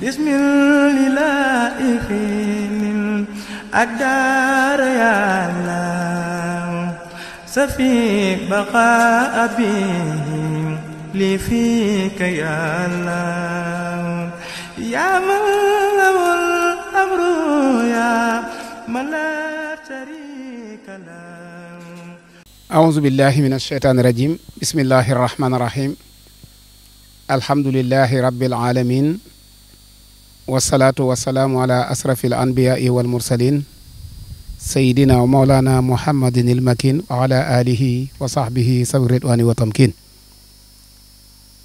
bismillahi fiinil أدار يا الله سفي بقاء أبيهم لي فيك يا الله يا من له الأمر يا من لا شريك له أعوذ بالله من الشيطان الرجيم بسم الله الرحمن الرحيم الحمد لله رب العالمين wasalaatu wasalaamu ala asrafi al anbiyaai wal mursalin sayidina wa maulana muhammadin il wa ala alihi wa sahbihi sabi ridwani wa tamkin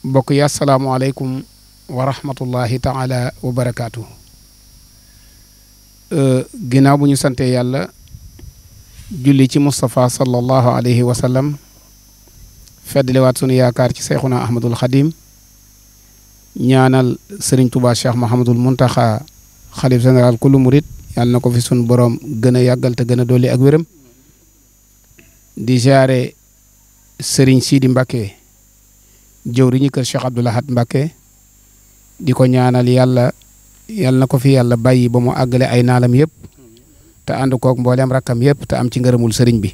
mbokk yi taala wa barakaatu euh, ginnaaw bu ñu sante yàlla julli ci moustapha sallallahu alayhi wa sallam feddliwaat sunu yaakaar ci seyxuna ahmadul xadim ñaanal sëriñ Touba Cheikh Mouhamadul Mountakha xalif général kullu murit yàlla na ko fi sun borom gën a yàggal te gën a dolli ak wéram di jaare sëriñ Sidi Mbacke jëwriñu kër Cheikh Abdoul Ahad mbake di ko ñaanal yàlla yàlla na ko fi yàlla bàyyi ba mu àggale ay naalam yëpp te ànd koog mboolem rakkam yëpp te am ci ngërëmul sëriñ bi.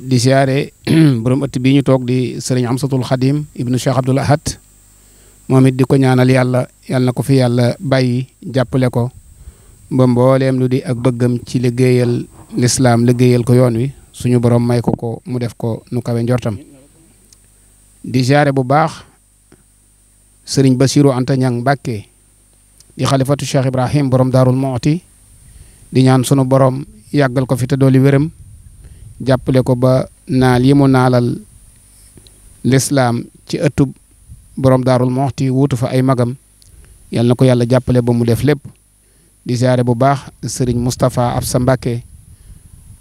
di siyaare borom ëtt bii ñu toog di sëriñ Amsatul Xadim ibnu Cheikh Abdoul Ahad moom it di ko ñaanal yàlla yàlla ko fi yàlla bàyyi jàppale ko ba mbooleem lu di ak bëggam ci liggéeyal lislaam liggéeyal ko yoon wi suñu boroom may ko ko mu def ko nu kawe njortam di jaare bu baax sëriñ Bassirou Anta Niang Mbacké di xalifatu Cheikh Ibrahim borom Daarul Muxti di ñaan sunu boroom yàggal ko fi te dooli wéram jàppale ko ba naal yi mu naalal lislaam ci ëttub borom daarul moxti wuutu fa ay magam yal na ko yàlla jàppale ba mu def lépp di ziare bu baax sëriñ Moustapha Absa Mbacke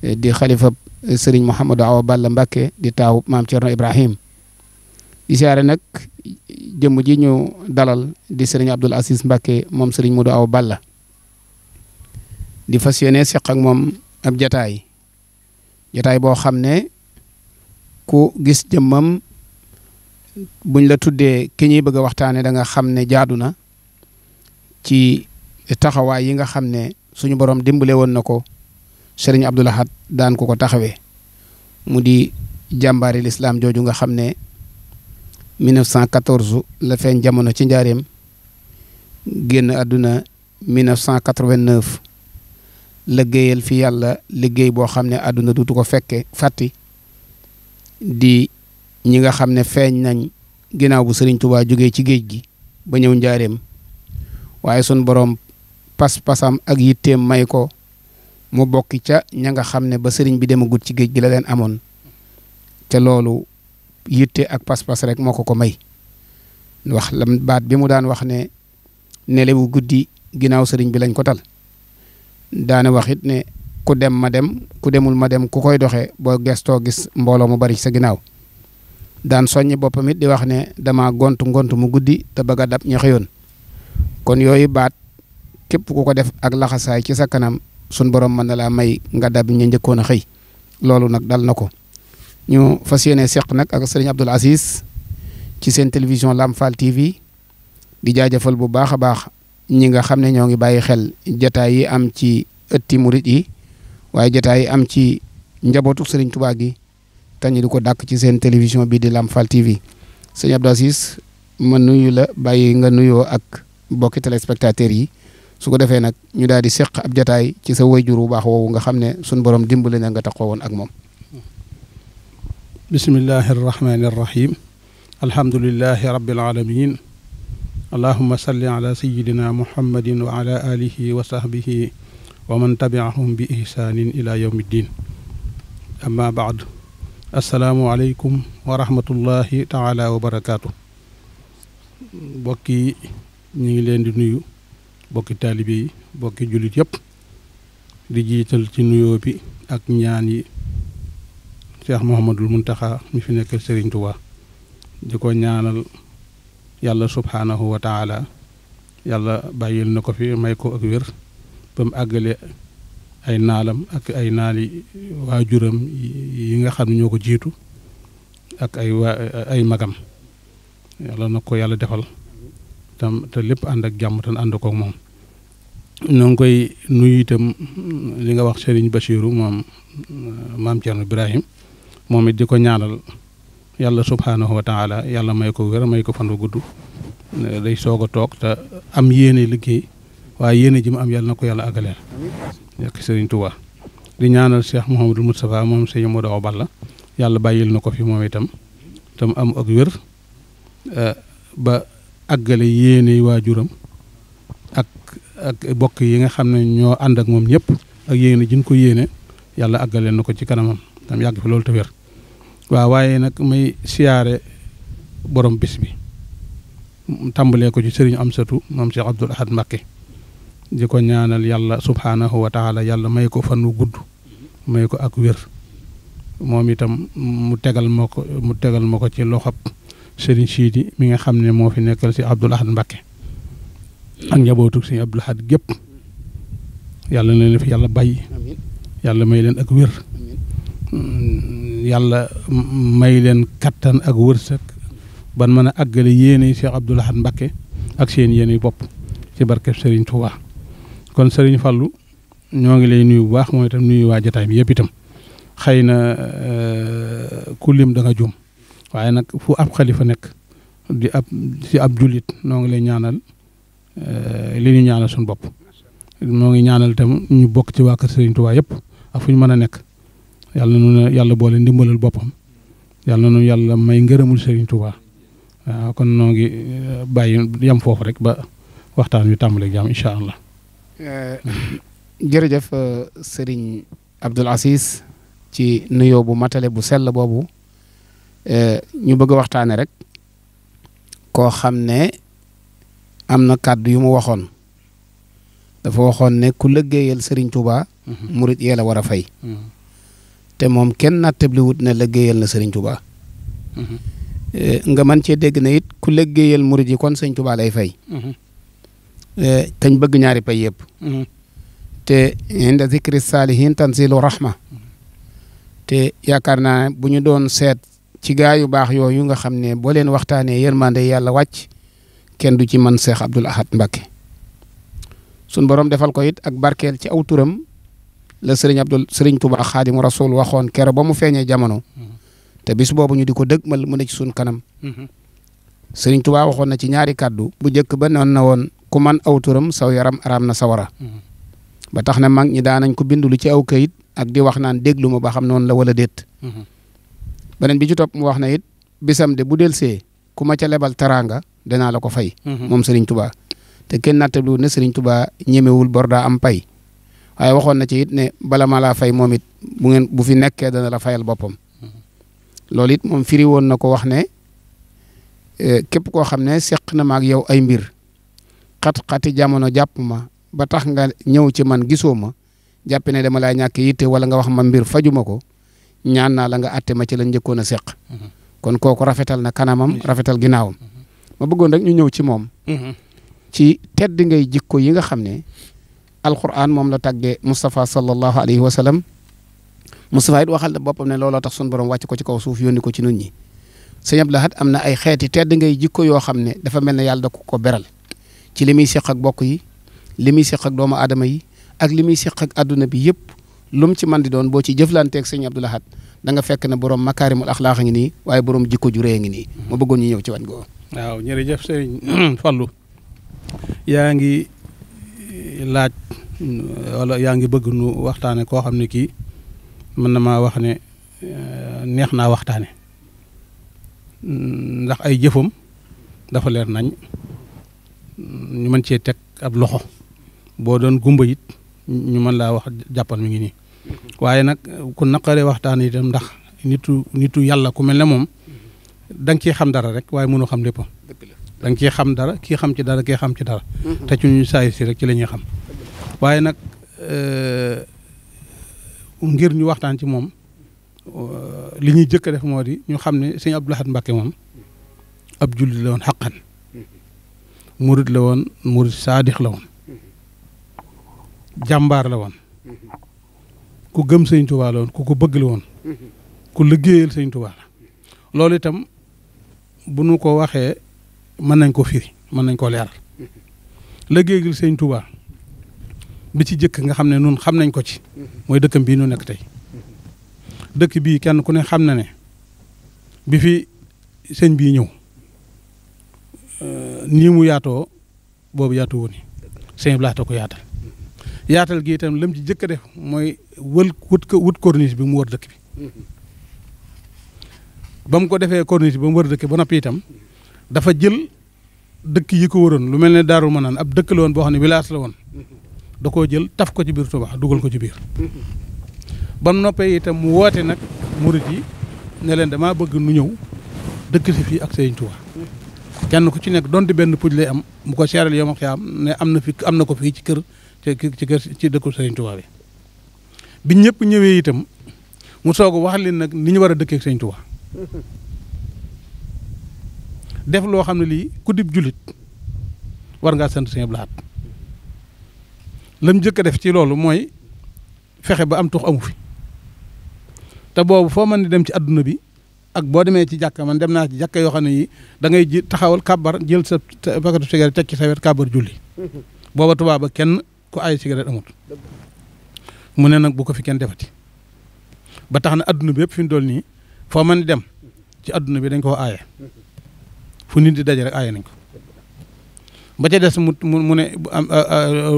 di xalifa sëriñ Mouhamadou Awa Balla Mbacke di taawu maam Thierno Ibrahim di ziare nag jëmm ji ñu dalal di sëriñ Abdoul Aziz Mbacke moom sëriñ Modou Awa Balla di fas yéene seq moom ab jataay jataay boo xam ne ku gis jëmmam. buñ la tuddee ki ñuy bëgg a waxtaanee da nga xam ne jaadu na ci taxawaay yi nga xam ne suñu borom dimbale woon na ko sëriñ Abdou Lahad daan ko ko taxawee mu di jàmbaari lislaam jooju nga xam ne 1914 la feeñ jamono ci njaareem génn àdduna 1989 liggéeyal fi yàlla liggéey boo xam ne àdduna dutu ko fekke fàtti di ñi nga xam ne feeñ nañ ginnaaw bu sëriñ Touba jógee ci géej gi ba ñëw njaareem waaye sun borom pas-pasam ak yitteem may ko mu bokki ca ña nga xam ne ba sëriñ bi demagut ci géej gi la leen amoon te loolu yitte ak pas-pas moo ko ko may wax lam baat bi mu daan wax ne nelewu guddi ginnaaw sëriñ bi lañ ko tal daane wax it ne ku dem ma dem ku demul ma dem ku koy doxe boo gestoo gis mbooloo mu bari sa ginaaw daan soññi boppamit di wax ne dama gont ngont mu guddi te bëgg a dab ña xëyoon kon yooyu baat képp ku ko def ak laxasaay ci sa kanam sun borom mën na laa may nga dab ña njëkkoon a xëy loolu nag dal na ko ñu fas yéene seq nag ak sëriñ Abdoul Aziz ci seen télévision Lam Fall TV di jaajëfal bu baax a baax ñi nga xam ne ñoo ngi bàyyi xel jataay yi am ci ëtti murit yi waaye jataay yi am ci njabootu sëriñ Tuubaa gi ñu di ko dàkk ci seen télévision bi di Lamfal TV sëñ Abdou Aziz ma nuyu la bàyyi nga nuyoo ak mbokki téléspectateurs yi su ko defee nag ñu daal di seq ab ci sa wayjur bu baax nga xam ne suñ borom dimbali na nga taxawoon ak moom bismillahi arrahmani arrahim alhamdulilahi rabbil alamin allahuma salli ala sayidina muhammadin wa ala alihi wa sahbihi wa man tabiahum bi baad asalaamualeykum wa rahmatullahi taala wa barakaatu bokki ñu ngi leen di nuyu bokki taalibe yi bokki jullit yépp di jiital ci nuyoo bi ak ñaan yi Cheikh Mouhamadul Muntaxa mi fi nekk Serigne di ko ñaanal yàlla subhaanahu wa taala yàlla bàyyil na ko fi may ko ak wér ba mu àggale ay naalam ak ay naali waajuram yi nga xam ne ñoo ko jiitu ak ay waa magam yàlla na ko yàlla defal tam te lépp ànd ak jàmm tan ànd koog moom ñoo ngi koy nuyu itam li nga wax Serigne Bachiru moom maam Thierno Ibrahim moom it di ko ñaanal yàlla subhaanahu wa taala yàlla may ko wér may ko fan wu gudd day soog toog te am yéene liggéey waaye yéene ji mu am yàlla na ko yàlla àggaleel yàq sëriñ Touba di ñaanal Cheikh Mouhamadou Moustapha moom sëñ Modou Awa Balla yàlla bàyyil na ko fi moom itam tam am ak wér eh, ba àggale yéene yi waajuram ak ak yi nga xam ne ñoo ànd ak moom ñëpp ak yéene jin ko yéene yàlla àggaleel na ko ci kanamam tam yàgg loolu te waaye nag may siyaare borom tàmbalee ko ci sëriñ Amsatu moom Cheikh Abdoul di ñaanal yàlla subhaanahu wa taala yàlla may ko fan wu gudd may ko ak wér moom itam mu tegal ma ko mu tegal ma ko ci loxob Serigne Sidi mi nga xam ne moo fi nekkal si Abdoul Ahad Mbacké ak njabootu si gépp yàlla na fi yàlla bàyyi yàlla may leen ak wér mm, yàlla may leen kattan ak wërsëg ban mën a àggale yéene Cheikh Abdoul Ahad Mbacké ak seen yéene bopp ci barkeb Serigne Touba kon sëriñ Fallou ñoo ngi lay nuyu bu baax mooy itam nuyu waa jataay bi yëpp itam xëy na euh, ku lim da nga juum waaye nag fu ab xalifa nekk di ab si ab jullit noo ngi lay ñaanal euh, li ñu ñaanal suñu bopp moo ngi ñaanal itam ñu bokk ci waa kër sëriñ Tuubaa yëpp ak fu ñu mën a nekk yàlla nu yàlla boole ndimbalal boppam yàlla nu yàlla may ngërëmul sëriñ Tuubaa waaw kon noo ngi euh, bàyyi yam foofu rek ba waxtaan wi tàmbaleeg jàmm incha allah Euh, jërëjëf euh, sëriñ Abdoul Aziz ci nuyoo bu matale bu sell boobu euh, ñu bëgg a waxtaane rek koo xam ne am na kàddu yu mu waxoon dafa waxoon ne ku lëggéeyal sëriñ Touba. Mhm. murit yee la war a fay. Mhm. te moom kenn nattabliwut na lëggéeyal na sëriñ Touba. Mhm. nga man cee dégg na it ku lëggéeyal murit yi kon sëriñ Touba lay fay. tañ eh, bëgg ñaari pay yëpp mm-hmm. te inda zikri saalihin tanzilu rahma mm-hmm. te yaakaar naa bu ñu doon seet ci gaa yu baax yooyu nga xam ne boo leen waxtaanee yërmande yàlla wàcc kenn du ci man Seex Abdul Ahad Mbacké sun borom defal ko it ak barkeel ci aw turam la sëriñ Abdul sëriñ Tuubaa Xaadimu Rasuul waxoon kero ba mu feeñee jamono mm-hmm. te bis boobu ñu di ko dëgmal mu ne sun kanam sëriñ Tuubaa waxoon na ci ñaari kàddu bu njëkk ba noon na woon ku man aw turam saw yaram araam na sawara mm-hmm. ba tax na mag ñi daan nañ ko bindulu ci aw kayit ak di wax naan déglu ma ba xam noonu la wala déet mm-hmm. beneen bi ci topp mu wax na it bisam de bu delsee ku ma ca lebal teraanga danaa la ko fay mm-hmm. moom Serigne Touba te kenn nattablu ne Serigne Touba ñemewul bor daa am pay waaye waxoon na ci it ne bala ma laa fay moom it bu ngeen bu fi nekkee dana la fayal boppam loolu it moom firi woon na ko wax ne eh, képp koo xam ne seq na maak yow ay mbir xat-xati jamono jàpp ma ba tax nga ñëw ci man gisoo ma jàpp ne dama laa ñàkk yitte wala nga wax ma mbir fajuma ko ñaan na la nga atte ma ci la njëkkoon a seq. Mm-hmm. kon kooku rafetal na kanamam mm-hmm. rafetal ginnaawam. Mm-hmm. ma bëggoon rek ñu ñëw ci moom. ci tedd ngay jikko yi nga xam ne. alquran moom la tàggee Moustapha sallallahu alayhi wa sallam. Moustapha it waxal na boppam ne looloo tax sun borom wàcc ko ci kaw suuf yónni ko ci nit ñi. sëñ Abdou Lahad am na ay xeeti tedd ne dafa mel ne yàlla da ci li muy seq ak bokk yi li muy seq ak doomu aadama yi ak li muy seq ak adduna bi yëpp lu ci man di doon boo ci jëflanteeg sëñ Abdou Lahad da nga fekk ne borom makaarimul axlaax a ngi nii waaye borom jikko ju rëy a ngi nii. ma bëggoon ñu ñëw ci wàññi googu. yaa ngi eh, laaj wala yaa ngi bëgg nu waxtaane koo xam ne kii mën na maa wax ne eh, neex naa waxtaane ndax ay jëfam dafa leer nañ. ñu mën cee teg ab loxo boo doon gumba it ñu mën laa wax jàppal mi ngi nii waaye nag ku naqaree waxtaan itam ndax nitu nitu yàlla ku mel ne moom dang nga xam dara rek waaye mënoo xam lépp da xam dara kii xam ci dara kii xam ci dara mm-hmm. te ñu saay si rek ci lañuy xam waaye nag euh, ngir ñu waxtaan ci moom euh, li ñuy jëkk def moo di ñu xam ne sëñ Abdou Lahad Mbacké moom ab julli la xaqan murit la woon murit saadix la woon jàmbaar la woon ku gëm sëñ Tuubaa la woon ku ko bëgg la woon ku liggéeyal sëñ Tuubaa la loolu itam bu nu ko waxee mën nañ ko firi mën nañ ko leeral liggéeyal sëñ Tuubaa bi ci jëkk nga xam ne nun xam nañ ko ci mooy dëkkam bii nu nekk tey dëkk bii kenn ku ne xam na ne bi fi sëñ bii ñëw Euh, nii mu yaatoo boobu yaatu wu ni sëñ bi laata ko yaatal yaatal gi itam lam ci jëkk a def mooy wël wut ko wut corniche bi mu wër dëkk bi ba mu ko defee corniche bi mu wër dëkk ba noppi itam dafa jël dëkk yi ko waroon lu mel ne Daaru Manaan ab dëkk la woon boo xam ne village la woon da koo jël taf ko ci biir Touba dugal ko ci biir ba noppee itam mu woote nag murit yi ne leen damaa bëgg nu ñëw dëkk si fii ak sëñ Touba kenn ku ci nekk donte benn puj lay am mu ko seeral yow ma xiyaam ne am na fi am na ko fii ci kër ci kër ci dëkku Sëriñ Tuubaa bi bi ñëpp ñëwee itam mu soog wax leen nag ni ñu war a dëkkee ak Sëriñ def loo xam ne lii ku dib jullit war ngaa sant Sëriñ Abdou Lahad lam njëkk a def ci loolu mooy fexe ba am tux amu fi te boobu foo mën di dem ci àdduna bi ak boo demee ci jàkka man dem naa ci jàkka yoo xam ne yi da ngay ji taxawal kàbbar jël sa paquetu cigarette teg ci sa wet kàbbar julli booba tubaab kenn ku ay cigarette amut mu ne nag bu ko fi kenn defati ba tax na adduna bi yëpp fi mu dool nii foo man dem ci adduna bi dañ ko aaye fu nit di daja rek aaye nañ ko ba ca des mu mu ne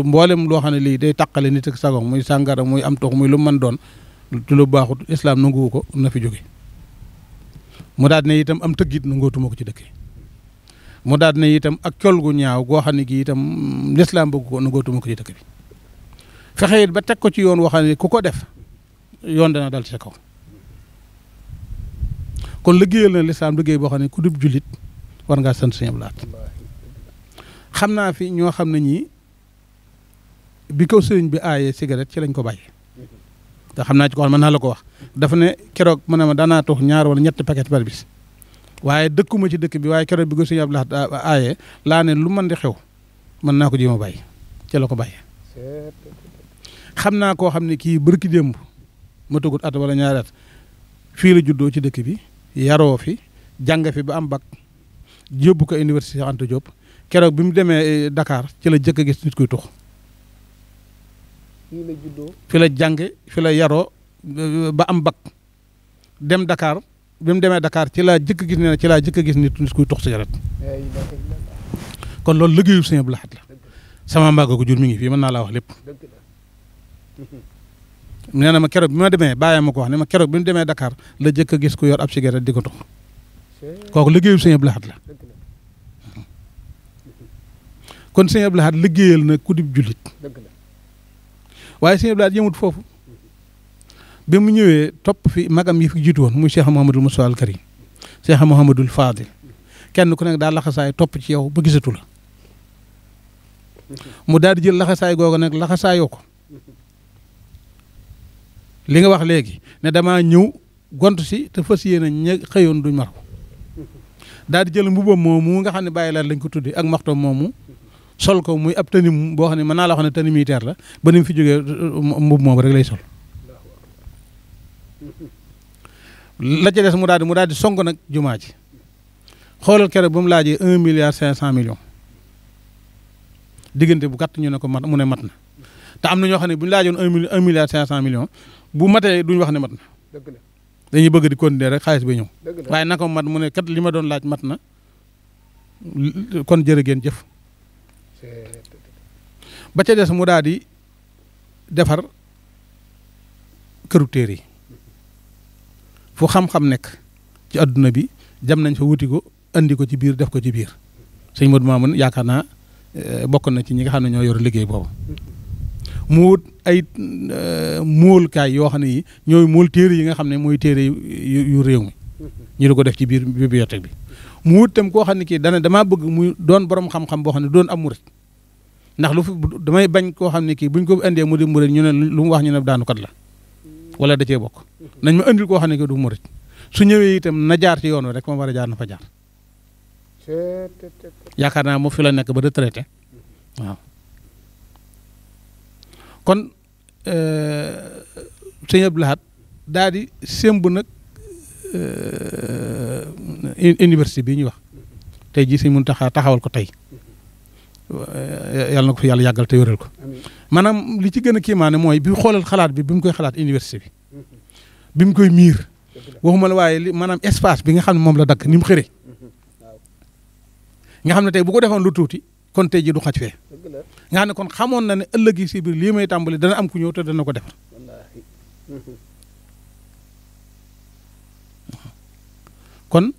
mboolem loo xam ne lii day taqale nit ak muy sàngara muy am tox muy lu man doon lu baaxut islam nanguwu ko na fi jóge mu daal ne itam am tëggit nangootuma ko ci dëkk mu daal ne itam ak col gu ñaaw goo xam ne gi itam lislaam bëgg ko nangootuma ko ci dëkk bi fexe ba teg ko ci yoon waxam ne ku ko def yoon dana dal ci sa kaw kon liggéeyal na lislaam liggéey boo xam ne ku dub jullit war ngaa sant Sëñ Abdou Lahad xam naa fi ñoo xam ne ñii bi ko sëriñ bi aaye cigarette ci lañ ko bay te xam naa ci ko xam naa la ko wax dafa ne keroog ma ne ma daanaa tux ñaar wala ñetti paquet par bis waaye dëkkuma ci dëkk bi waaye keroog bi ko sëñ laa ne lu mën di xew mën naa ko jéem a bàyyi ca ko bàyyee naa koo xam ne kii bërki démb ma tëgut at wala ñaari at fii la juddoo ci dëkk bi yaroo fi jàng fi ba am bac yóbbu ko université Anta Diop keroog bi mu demee eh, dakaar ci la jëkk a gis nit koy tux fii la juddoo fi la jànge fi la yaroo euh, ba am bac dem Dakar bi mu demee dakaar ci laa jëkk gis ne ci laa jëkk gis nit nit kuy tox kon loolu liggéeyu Sëñ Abdou Lahad la sama mbaago ko jur mi ngi fii mën naa laa wax lépp nee na ma keroog bi ma demee bàyyi ma ko wax ne ma keroog bi mu demee dakaar la jëkk gis ku yor ab cigarette di ko tox kooku liggéeyu Sëñ Abdou Lahad la kon Sëñ Abdou Lahad liggéeyal na ku dib jullit waaye si sëñ Abdoulaye yëmut foofu bi mu ñëwee topp fi magam yi fi jiitu woon muy Cheikh Mouhamadul Moustapha al Karim Cheikh Mouhamadul Fadil kenn ku nekk daal laxasaay topp ci yow ba gisatu la mu daal jël laxasaay googu nag laxasaayoo ko li nga wax léegi ne damaa ñëw gont si te fas yéene ña xëyoon duñ mar daal di jël mbubam moomu nga xam ne bàyyi laat lañ ko tuddee ak maxtoom moomu sol ko muy ab tënim boo xam ne man naa la wax ne tënim militaire la ba ni mu fi jógee mbub moom rek lay sol la ca des mu daal mu daal di song nag jumaa ji xoolal kere ba mu laajee un milliard cinq cent million diggante bu gàtt ñu ne ko mat mu ne mat na te am na ñoo xam ne bu ñu laajoon un milliard cinq cent millions bu matee ñu wax ne mat na dañuy bëgg di kon continuer rek xaalis bi ñëw waaye naka mat mu ne kat li ma doon laaj mat na kon jërë ngeen jëf ba ca des mu daal di defar këru téere yi fu xam-xam nekk ci adduna bi jam nañ fa wuti ko andi ko ci biir def ko ci biir sëñ Modou Mamoun yaakaar naa eh, bokk na ci ñi nga xam ne ñoo yor liggéey boobu mu wut ay eh, móolkaay yoo xam ne yi ñooy móol téere yi nga xam ne mooy téere yu réew mi ñu di ko def ci biir bibliothèque bi mu wut tam koo xam ne kii dana damaa bëgg muy doon borom xam-xam boo xam ne doon am murit ndax lu damay bañ koo xam ne kii buñ ko indee mu di murit ñu ne lu mu wax ñu ne daanukat la wala da bokk nañ ma indil koo xam ne kii du murit su ñëwee itam na jaar ci yoon wi rek moom war a jaar na fa jaar yaakaar naa moo fi la nekk ba retraité waaw kon euh, sëñ Abdou Lahad daal di sémb nag euh, université bii ñuy wax tey jii sëñ Muntaxa taxawal ko tey Eh, yàlla na ko fi yàlla yàggal te wéral ko maanaam li ci gën a kiimaane mooy bi xoolal xalaat bi bi mu koy xalaat université bi mm-hmm. bi mu koy miir waxuma la waaye li maanaam espace bi nga xam ne moom la dakk ni mu xëree mm-hmm. nga xam ne tey bu ko defoon lu tuuti kon tey ji du xaj fee nga xam ne kon xamoon na ne ëllëg yi si biir lii may tàmbali dana am ku ñëw te dana ko defar mm-hmm. kon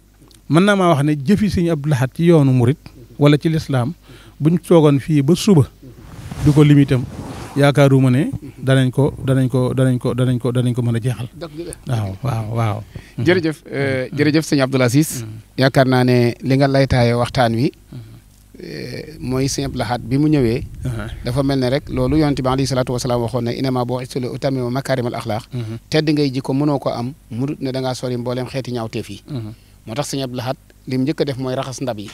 mën naa maa wax ne jëfi Sëriñ Abdou Lahad ci yoonu murit wala ci lislaam buñ toogoon fii ba suba du ko limitam yaakaaruma ne danañ ko danañ ko danañ ko danañ ko danañ ko mën a jeexal. waaw waaw waaw. jërëjëf mm-hmm. euh, jërëjëf sëñ Abdoul Aziz. Mm-hmm. yaakaar naa ne li nga laytaaye waxtaan wi. Euh, mooy sëñ Abdou bi mu ñëwee. Uh-huh. dafa mel ne rek loolu yonent bi alayhi salaatu wa waxoon ne inama boo istalee utamima makaarimal axlaaq. Mm-hmm. tedd ngay jikko mënoo ko am mu ne da ngaa mbooleem xeeti ñaawteef yi. moo tax sëñ Abdou Lahad li a def mooy raxas ndab yi.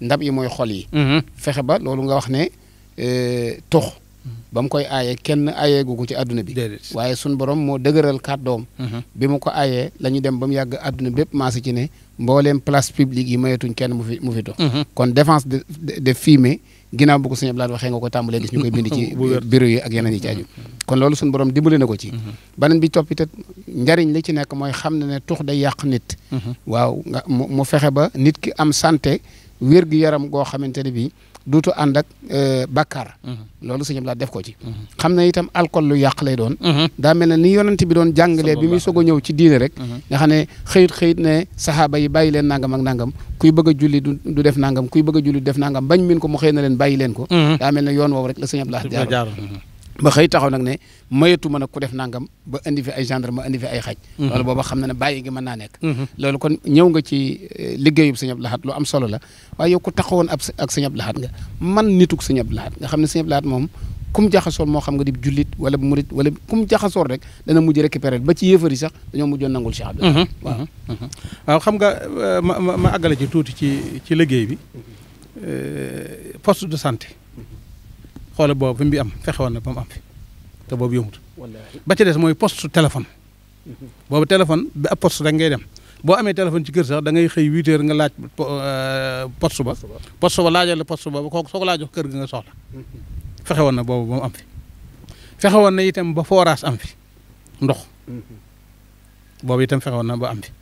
ndab yi mooy xol yi. Mhm. fexe ba loolu nga wax ne euh, tux. Mhm. ba mu koy aaye kenn aayeegu ko ci adduna bi. waaye sun borom moo dëgërël dëgëral doom mhm. bi mu ko aayee la ñu dem ba mu yàgg adduna bépp maase ci ne mbooleem place publique yi mayatuñ kenn mu fi mu fi tux. kon défense de de fumer ginnaaw bu ko sëñ Abdoulaye waxee nga ko tàmbalee gis ñu koy bind ci bureau yi ak yeneen yi ci aju. kon loolu sun borom dimbali na ko ci. beneen bi topp njariñ li ci nekk mooy xam ne ne tux day yàq nit. waaw nga mu fexe ba nit ki am santé. wér-gu-yaram goo xamante ne bii duutu ànd ak euh, bàkkaar mhm. loolu sëñ Abdou def ko ci mhm. xam na itam alcool lu yàq lay doon mhm. daa mel ne ni yonent bi doon jàngalee bi muy soog a ñëw ci diine rek nga xam ne xëyit xëyit ne saxaaba yi bàyyi leen nangam ak nangam kuy bëgg a julli du def nangam kuy bëgg a julli du def nangam bañ min ko mu xëy na leen bàyyi leen ko daa ne yoon woowu rek la sëñ Abdou Lahad ba xëy taxaw nag ne mayatu ma nag ku def nangam ba indi ay gendarme indi fi ay xaj. Mhm. loolu booba xam na ne bàyyi gi mën naa nekk. Mhm. loolu kon ñëw nga ci eh, liggéeyub Sëñ Abdou Lahad lu am solo la waaye yow ku taxawoon ab ak Sëñ Abdou Lahad nga man nituk Sëñ Abdou nga xam ne Sëñ Abdou Lahad moom kum jaxasoon moo xam nga di jullit wala murit wala kum jaxasoon rek dana mujj récupérer ba ci yéefar yi sax dañoo mujjoon nangul Cheikh Abdou Lahad. Mhm. waaw waaw xam nga euh, ma ma àggale ci tuuti ci ci liggéey bi euh, poste de santé. xoola boobu fi mu bi am fexewoon na ba mu am fi te boobu yomut ba ci des mooy poste téléphone mm-hmm. boobu téléphone bi ab poste rek ngay dem boo amee téléphone ci kër sax dangay xëy 8 heures nga laaj euh, post ba poste ba laajal la post ba kooku soo ko laajoo kër gi nga soxla mm-hmm. fexewoon na boobu ba mu am fi fexewoon na itam ba forage am fi ndox mm-hmm. boobu itam fexewoon na ba am fi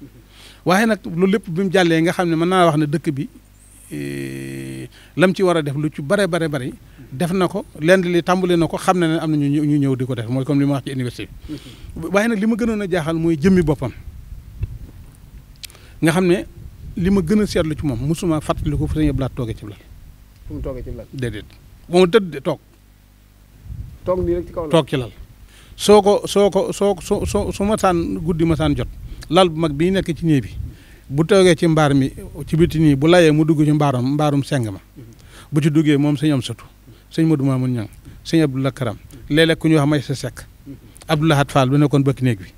waaye nag loolu lépp bi mu jàllee nga xam ne mën naa wax ne dëkk bi eh, lam ci war a def lu ci bare bare bari def na ko lenn li tàmbali na ko xam na ne am na ñu ñu ñëw di ko def mooy comme li ma wax ci université bi li ma gënoon jaaxal mooy jëmmi boppam nga xam ne li ma gën a seetlu ci moom mosuma fàttali ko fu sañu blaat toogee ci lal mu toogee ci lal déedéet moom tëdd toog toog toog ci lal soo ko soo ko soo su su su ma saan guddi ma saan jot lal bu mag bii nekk ci néeg bi bu toogee ci mbaar mi ci biti nii bu layee mu dugg ci mbaaram mbaarum seng ma bu ci duggee moom sañu am satu sëñ Modou Mamoun Niang sëñ Abdoulaye Karam léeg-léeg ku ñuy wax may sa sekk Abdoulaye Hat Fall bi nekkoon bëkk néeg bi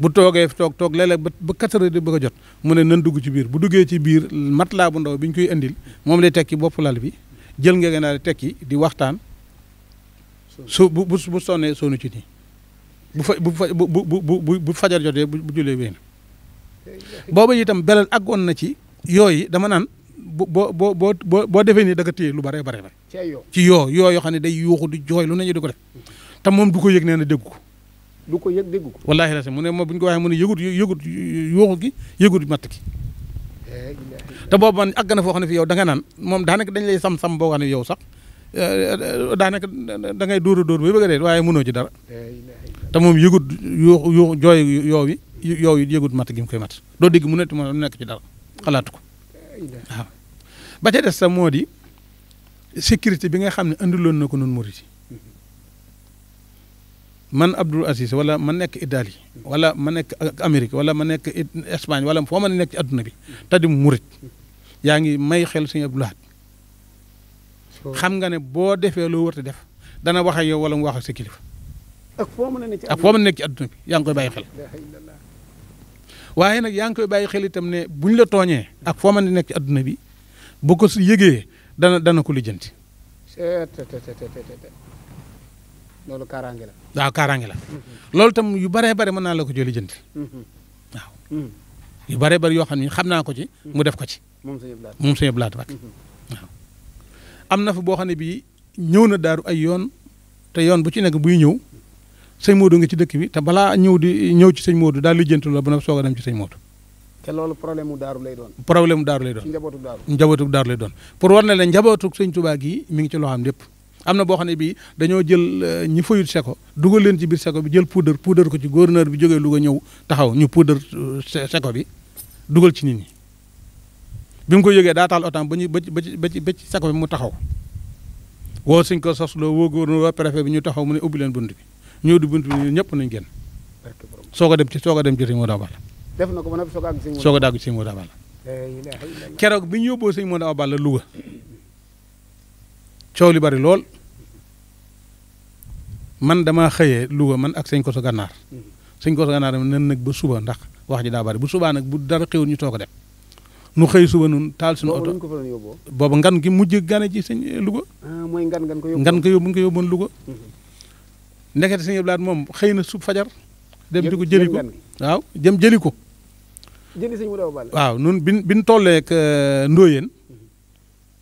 bu toogee toog toog léeg-léeg ba ba quatre heures di bëgg a jot mu ne nan dugg ci biir bu duggee ci biir mat laa bu ndaw bi ñu koy indil moom lay tekki bopp lal bi jël nga naa tekki di waxtaan su bu bu sonnee sonu bu fa bu bu bu fajar jotee bu julee wéy na booba itam belal àggoon na ci yooyu dama naan boo boo boo boo defee nii da nga téye lu bare bare la ci yoo yoo yoo xam ne day yuuxu di jooy lu nañu di ko def te moom du ko yëg nee na dégg ko du ko yëg dégg ko mu ne moom bu ñu ko waxee mu ne yëgut yëgut yuuxu gi yëgut matt ki te boobu man àgg na foo xam ne fi yow da nga naan moom daanaka dañ lay sam-sam boo xam ne yow sax eh, eh, daanaka da ngay dóor a dóor ba bëgg waaye mënoo ci dara te moom yëgut yuuxu yuuxu jooy yoo yi yow yi yëgut matt gi mu koy matt doo dégg mu ne mu nekk ci dara xalaat ko waaw ba ca des sa moo di sécurité bi nga xam ne andiloon na ko noonu murit man Abdoul Aziz wala ma nekk Italie wala ma nekk Amérique wala ma nekk Espagne wala foo mën nekk ci adduna bi te di murit yaa ngi may xel sëñ Abdoul xam nga ne boo defee loo wërta def dana wax yow wala mu wax ak kilifa ak foo mën a nekk ci adduna bi yaa koy bàyyi xel waaye nag yaa ngi koy bàyyi xel itam ne buñ la tooñee ak foo mën nekk ci adduna bi bu ko yégee dana dana ko lijjanti. loolu kaaraange la. waaw kaaraange la. Mhm. loolu itam yu baree bare mën naa la ko jëli jënd. Mhm. Mhm. yu baree bari yoo xam ne xam naa ko ci. mu def ko ci. moom sëñ Abdoulaye moom sëñ am na fa boo xam ne bii ñëw na daaru ay yoon te yoon bu ci nekk buy ñëw sëñ Modou nga ci dëkk bi te balaa ñëw di ñëw ci sëñ Modou daal lijjanti la ba nga soog ci sëñ Modou. te loolu problème mu daaru lay doon. problème mu daaru lay doon ci njabootu daaru. njabootu daaru lay doon pour war na leen njabootu sëñ Tuubaa gi mi ngi ci loo xam lépp am na boo xam ne bii dañoo jël euh, ñi fayut seko dugal leen ci biir seko bi jël poudre poudre ko ci gouverneur bi jógee Louga ñëw taxaw ñu poudre euh, seko bi dugal ci nit ñi bi mu ko yëgee daa taal otam ba ñu ba ci ba ba ci seko bi mu taxaw woo suñ ko sosloo woo gouverneur woo préfet bi ñu taxaw mu ne ubbi leen bunt bi ñëw di bunt bi ñëpp nañ génn. soo ko dem ci soo ko dem ci moo daa bal def na ko ba noppi soog a àgg sëñ soog a dàgg Balla keroog bi ñu yóbboo sëñ Modou Awa Balla Louga coow li bari lool man dama xëyee Louga man ak sëñ Koso gannaar sëñ Koso Gànnaar nan nag ba suba ndax wax ji daa bari bu subaa nag bu dara xewul ñu toog a dem nu xëy suba nun taal suñu oto boobu ngan gi mujj gane ci sëñ Louga ah, mooy ngan ngan ko yóbbu ngan ko yóbbu ko yóbboon Louga mhm. ndekete sëñ Abdoulaye moom xëy na sub fajar dem di ko jëli ko waaw jëm jëli ko jëndi sëñ waaw bi bi ñu tollee ak euh, Ndoyeen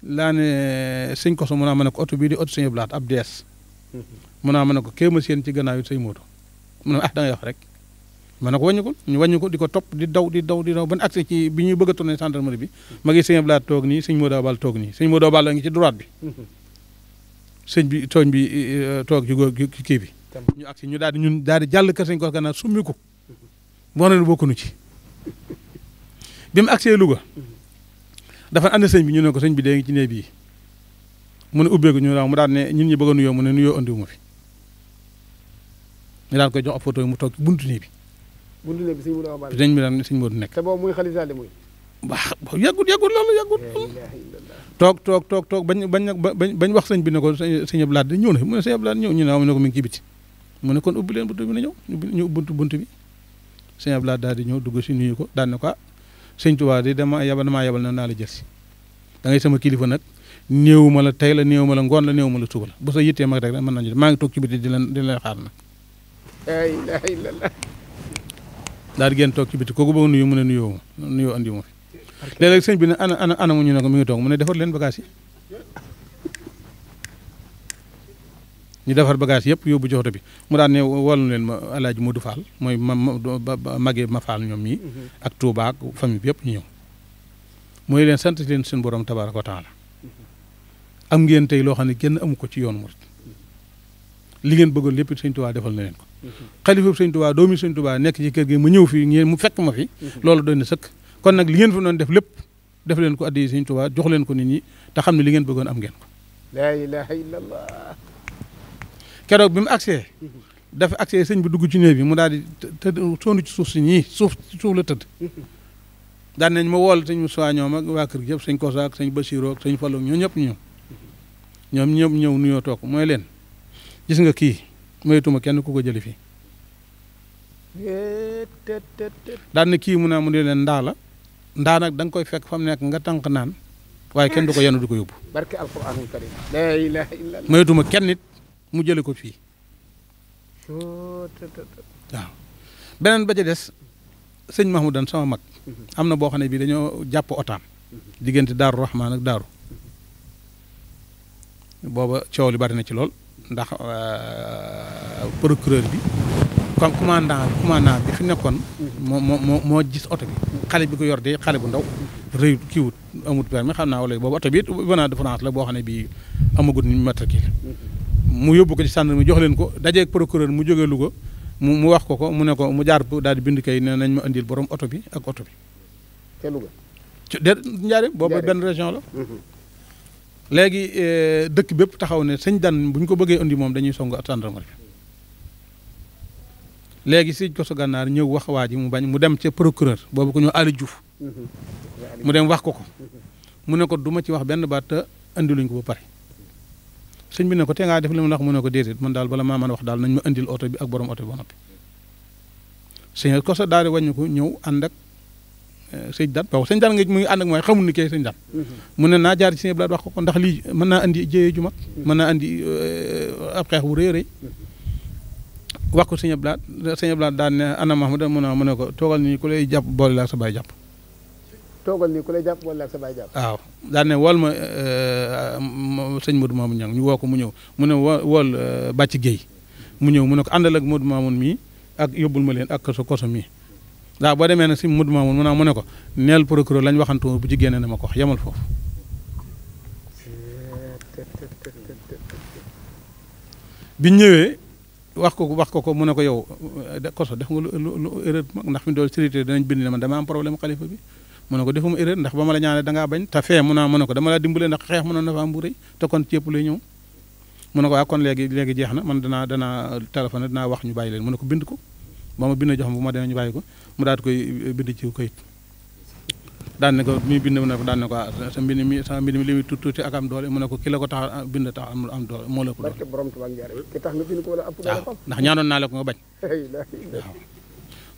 laa ne euh, sëñ Koso mun naa ma ne ko oto bii di oto sëñ Blaat ab dees mhm. mun naa ma ne ko kéema seen ci gannaaw it mooto Modou mu ne ah rek ma ne ko ko ñu wàññi ko di ko top di daw di daw di daw ban accès ci bi ñu bëgg a tourné gendarmerie bi ma ngi sëñ Blaat toog nii sëñ Modou Awa toog nii sëñ Modou Awa Balla ngi ci droite bi mhm. sëñ bi tooñ euh, toog ci kii bi ñu agsi ñu daal di ñun daal di jàll kër sëñ Koso gannaaw summi ko mhm. boo ci bi mu agsee Louga dafa ànd señ bi ñu ne ko sëñ bi dee ngi ci néeg bii mu ne ubbeeku mu daal ne ñun ñu bëgg a nuyoo mu ne nuyoo andiwuma fi ñu daal koy jox ab mu toog buntu néeg bi. buntu néeg bi sëñ Modou Awa Balla sëñ bi daal muy xalifa daal muy. waaw boobu yàggut yàggut loolu yàggut. toog toog toog toog bañ bañ bañ wax sëñ bi ne ko sëñ Abdou Lahad ñëw na mu ne sëñ Abdou ñu ne waaw ne ko mi ngi ci biti mu ne kon ubbi leen buntu bi na ñëw ñu ubbi buntu bi sëñ Abdou Lahad daal di ñëw dugg si nuyu ko daal ne ko ah, sëñ Tuubaa di dama yabal na naa la jël si da ngay sama kilifa nag néewu ma la tey la néewu ma la ngoon la néewu ma la suba la bu sa yittee mag rek rek mën nañu maa ngi toog ci biti di leen di leen xaar nag. la ilaha illallah. daal di génn ci biti kooku boo nuyu mu ne nuyoo nuyoo andi ma fi léeg-léeg sëñ bi ne ana ana ana mu ñu ne ko mi ngi toog mu ne defar leen bagage ñu defar bagage yëpp yóbbu joxoto bi mu daan ne wolu leen ma alaaji Modou Fall mooy ma magee ma Fall ñoom ñi mhm. ak Touba ak famille bi yëpp ñu ñëw mooy leen sant leen suñu borom tabaaraka wa taala mhm. am ngeen tey loo xam ne kenn amu ko ci yoonu murit mhm. li ngeen bëggoon lépp sëñ Touba defal na leen ko xalifa sëñ Touba doomi sëñ Touba nekk ci kër gi ma ñëw fi mu fekk ma fi loolu doon na sëkk kon nag li ngeen fi doon def lépp def leen ko addi sëñ jox leen ko nit ñi te xam ne li ngeen bëggoon am ngeen ko la keroog bi mu agsee dafa agsee sañ bi dugg ci néeg bi mu daal di tëdd sonn ci suuf si ñii suuf suuf la tëdd daan nañ ma wool sëñ Moussa ñoom ak waa kër gi yëpp sañ Kosa ak sëñ Bachirou ak sëñ Fallou ñoo ñëpp ñëw ñoom ñëpp ñëw nuyoo toog mooy leen gis nga kii maytuma kenn ku ko jëli fii daan na kii mun ne mu ne leen ndaa la ndaa nag da koy fekk fa mu nekk nga tànk naan waaye kenn du ko yenu du ko yóbbu barke alquranul karim la ilaha mu jële ko fii waaw beneen ba ca des sëñ Mahmoudan sama mag am na boo xam ne bii dañoo jàpp otaam diggante daaru Rahman ak daaru booba coow li bari na ci lool ndax euh, procureur bi kon commandant bi fi nekkoon moo moo moo gis oto bi xale bi ko yor de xale bu ndaw rëyut kiiwut amut permis xam naa wala boobu oto bi it venant de France la boo xam ne bii amagut ni matricule mu yóbbu ko ci sàndarma mu jox leen ko dajee procureur mu jógee Louga mu mu wax ko ko mu ne ko mu jaar daal di bind kay ne nañ ma indil borom oto bi ak oto bi. te Louga. ci de Njaaréem boobu benn région la. Mhm. léegi euh, dëkk bépp taxaw ne sëñ Dan bu ñu ko bëggee indi moom dañuy song sàndarma bi. léegi si ko sa gànnaar ñëw wax waa ji mu bañ mu dem ca procureur boobu ko ñëw Aliou Diouf. Mhm. mu dem wax ko ko. Mhm. mu ne ko duma ci wax benn baat te indiluñ ko ba pare. señ bi ne ko te ngaa def li mu wax mu ne ko déedéet man daal bala maa mën a wax daal nañ ma indil oto bi ak borom oto bi ba noppi sëñ ko daal ko ñëw ànd ak eh, sëñ daan sëñ daan nga muy ànd ak mooy xamul ni kee sëñ daan mm-hmm. mu ne naa jaar ci sëñ wax ko ko ndax lii mën naa andi jéyee ju mag mm-hmm. mën naa andi eh, ab xeex bu rëy rëy mm-hmm. wax ko sëñ Blaat sëñ Blaat daan ne ana Mahmoud mu ne ko toogal nii ku lay jàpp boole laa sa bàyyi jàpp toogal nii ku lay jàpp wala ak sa baay jàpp waaw daan ne wol ma euh, sëñ Modou Mamoun Niang ñu woo ko mu ñëw mu ne wo wool euh, Bàcc Guèye mu ñëw mu ne ko àndal ak Modou Mamoun mii ak yóbbul ma leen ak sa koso mii daa boo demee nag si Modou naa mu ne ko neel procureur lañ waxantoo bu ci génne na ma ko wax yemal foofu bi ñëwee wax ko ko mu ne ko yow euh, koso def nga lu lu erreur ndax fi mu doon sécurité danañ bind ne ma dama am problème xalifa bi mu ne ko defuma erreur ndax ba ma la ñaane da ngaa bañ te fee mu naa mu ne ko dama la dimbale ndax xeex mënoon na fa am bu rëy te kon cépp la ñëw mu ne ko waa kon léegi léegi jeex na man danaa danaa téléphoné danaa wax ñu bàyyi leen mu ne ko bind ko ba ma bind jox ma bu ma demee ñu bàyyi ko mu daat koy euh, bind ci kayit daan ne ko mi bind mu ne ko daan ne ko ah, sa mbind mi sa mbind tuuti tuuti ak am doole mu ne ko ki ko tax bind tax am doole moo la ëpp doole waaw ndax ñaanoon naa la ko nga bañ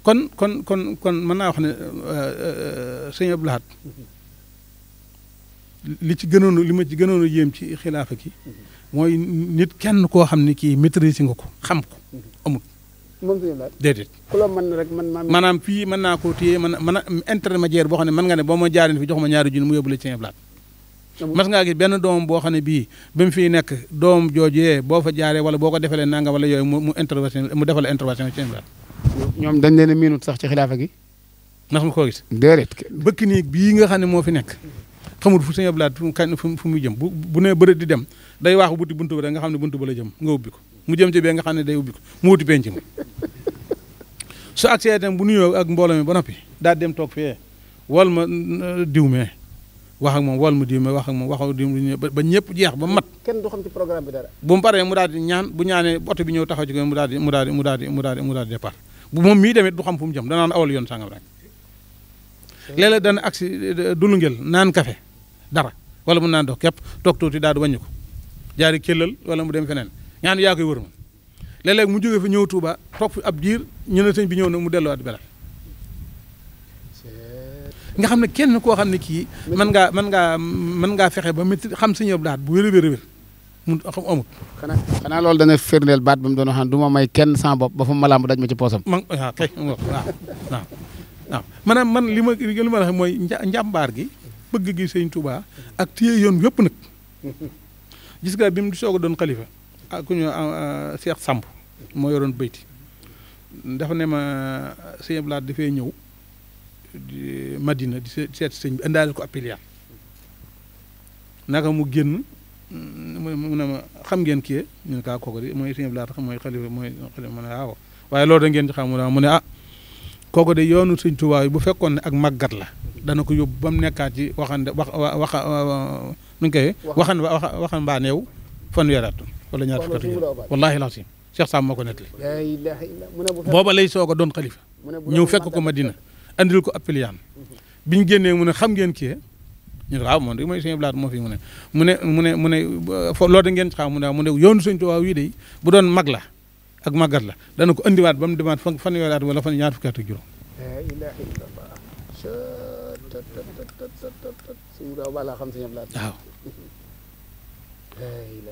kon kon kon kon mën naa wax ne euh, euh, sëñ Abdou li ci gënoon li ma ci gënoon a yéem ci xilaafa ki mooy nit kenn koo xam ni kii maîtrise nga ko xam ko amul. moom déedéet. ku la man naa koo téye mën mën ma intermédiaire boo xam ne mën nga ne boo ma jaaree fi jox ma ñaari junni mu yóbbu la ci ñebe mas ngaa gis benn doom boo xam ne bii ba mu fiy nekk doom joojee boo fa jaaree wala boo ko defalee nanga wala yooyu mu mu intervention mu defal intervention ci ñebe ñoom dañ leen a miinut sax ci xilaafa gi. ndax ma koo gis. déedéet. bëkk bii nga xam ne moo fi nekk. xamul fu Sëñ Abdou Lahad fu mu fu muy jëm bu bu nee bërët di dem day waaxu buti buntu ba rek nga xam ne buntu ba la jëm nga ubbi ko mu jëm ci bee nga xam ne day ubbi ko mu wuti penc mi su bu nuyoo ak mbooloo mi ba noppi daal dem toog fee wal ma euh, diw mee wax ak moom wal ma diw mee wax ak moom waxu diw ba ñëpp jeex ba mat. kenn du bu mu paree mu daal di ñaan bu ñaanee oto bi ñëw taxaw ci mu mu daal di mu daal di mu daal di départ. moom mii tamit du xam fu mu jëm danaan awal yoon sangam rek léeg-léeg dana agsi naan kafe dara wala mu naan dox képp toog tuuti daal di wàññi ko jaari cëllal wala mu dem feneen ñaan yaa koy wër moom léeg mu jógee fi ñëw Touba toog ab diir ñu ne bi ñëw na mu delluwaat belal nga xam ne kenn koo xam ne kii mën ngaa mën nga mën ngaa fexe ba métti xam sëñ Abdou Lahad bu wér a wér mun xam amut xanaa xanaa loolu dana firndeel baat ba mu doon waxaan du may kenn sans bopp ba fa malaam daj ma ci poosam ma waaw kay waaw waaw man li ma li ma la xam mooy njàmbaar gi bëgg gi sëñ Touba ak téye yoon yëpp nag gis nga bi mu soog a doon xalifa ah ku ñu ah, ah, Cheikh Samb moo yoroon bayti dafa ne ma sëñ Abdoulaye dafay ñëw Madina di seet sëñ bi indaale ko appelier naka mu génn mu ne ma xam ngeen kii ñu ne ka ah, kooku di mooy sëñ bi laata mooy xalifa mooy xalifa ma ne ah, waaw waaye loolu da ngeen ci xam mu ne ah, ah kooku de yoonu sëñ Tuubaa yi bu fekkoon ne ak màggat la dana ko yóbbu ba mu nekkaat ci waxande wax wax nu ñu koy waxan waxan mbaaneew fanweeraat wala ñaar fukki at wallaahi laxim Cheikh Sam moo ko nettali booba lay soog a doon xalifa ñëw fekk ko Madina andil ko ab piliyaan biñ génnee mu ne xam ngeen kii ñu ne waaw moom rek mooy sëñ Blaat moo fi mu ne mu ne mu ne mu ne da ngeen xaw mu ne mu ne yoonu sëñ Tuubaa wii de bu doon mag la ak màggat la dana ko andiwaat ba mu demaat fan fanweeri at wala fan ñaar fukki at ak juróom. la ilaha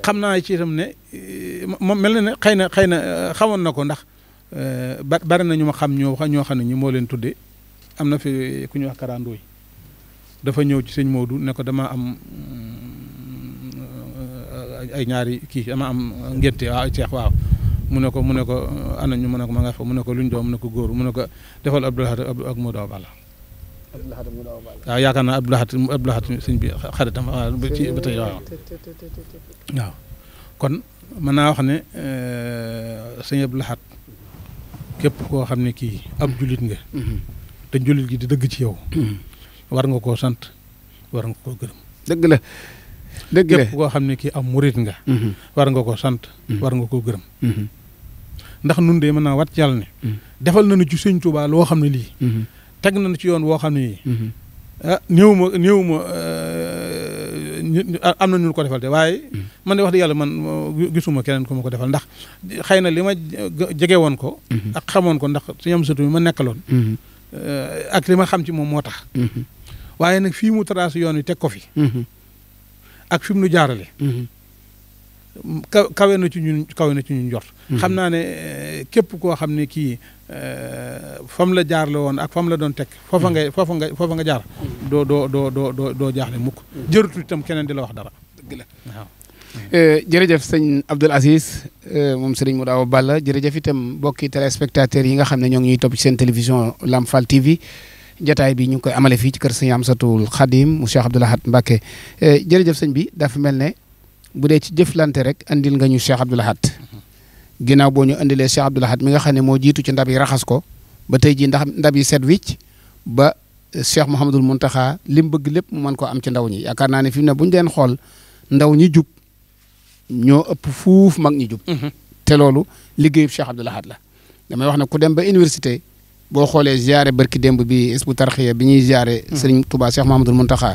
xam naa ci itam ne moom mel na ne xëy na xëy na euh, xamoon na ko ndax euh, bari na ñu ma xam ñoo xam ñoo xam ne ñi moo leen tuddee am na fi ku ñuy wax karaandoo dafa ñëw ci sëñ moodu ne ko dama am mm, ay ñaari kii dama am ngénte waaw ay ceex waaw mu ne ko mu ne ko ana ñu mu ne ko ma nga fa mu ne ko luñ doon mu ne ko góor mu ne ko defal Abdou Lahad ak Modou Awa naa Abdou Lahad Abdou Lahad sëñ bi xaritam waaw ba ci ba tey waaw waaw kon mën naa wax ne eh, sëñ Abdou Lahad képp koo xam ne kii ab jullit nga mm-hmm. te jullit gi di dëgg ci yow mm-hmm. war nga koo sant war nga koo gërëm. dëgg la dëgg la xam ne kii am murit nga. Mhm. war nga koo sant. Mhm. war nga koo gërëm. Mhm. ndax nun de mën naa wat yàlla ne. defal nañu ci sëñ Tuubaa loo xam ne lii. teg nañu ci yoon woo xam ne nii. ah ma néew ma eh, am na ñu ko defal de waaye. man de wax yàlla man gisuma keneen ku ma ko defal ndax xëy na li ma jege woon ko. ak xamoon ko ndax su am sëtu ma nekkaloon. Eh, ak li ma xam ci moom moo tax. waaye nag fii mu tracé yoon wi teg ko fi. ak fi mu nu jaarale. ka kawe na ci ñun kawe na ci ñun njort. xam naa ne eh, képp koo xam ne kii eh, fam la jaarale woon ak fam la doon teg foofa nga foofa nga foofa nga jaar. doo doo doo doo doo doo jaaxle mukk. jërutu itam keneen di la wax dara. dëgg la waaw. Eh, jërëjëf sëñ Abdoul Aziz moom sëriñ Modaw Balla jërëjëf itam mbokki téléspectateurs yi nga xam ne ñoo ngi ñuy ci seen télévision Lamp Fall TV. jataay bi ñu ngi koy amale fii ci kër sa Amsatul Xadim mu Cheikh Abdoul Ahad Mbacké eh, jërëjëf sëñ bi dafa mel ne bu dee ci jëflante rek andil nga ñu Cheikh Abdoul Ahad ginnaaw boo ñu indilee Cheikh Abdoul Ahad mi nga xam ne moo jiitu ci ndab yi raxas ko ba tey jii ndax ndab yi set wicc ba Cheikh Mouhamadul Mountakha li mu bëgg lépp mu mën koo am ci ndaw ñi yaakaar naa ne fi mu ne bu ñu xool ndaw ñi jub ñoo ëpp fuuf mag ñi jub. Mm-hmm. te loolu liggéeyub Cheikh Abdoul Ahad la damay wax ne ku dem ba université boo xoolee ziare barki démb bi Hizbut Tarqiyyah bi ñuy ziare. Mm. sëriñ Touba Cheikh Mahamadul Muntaxa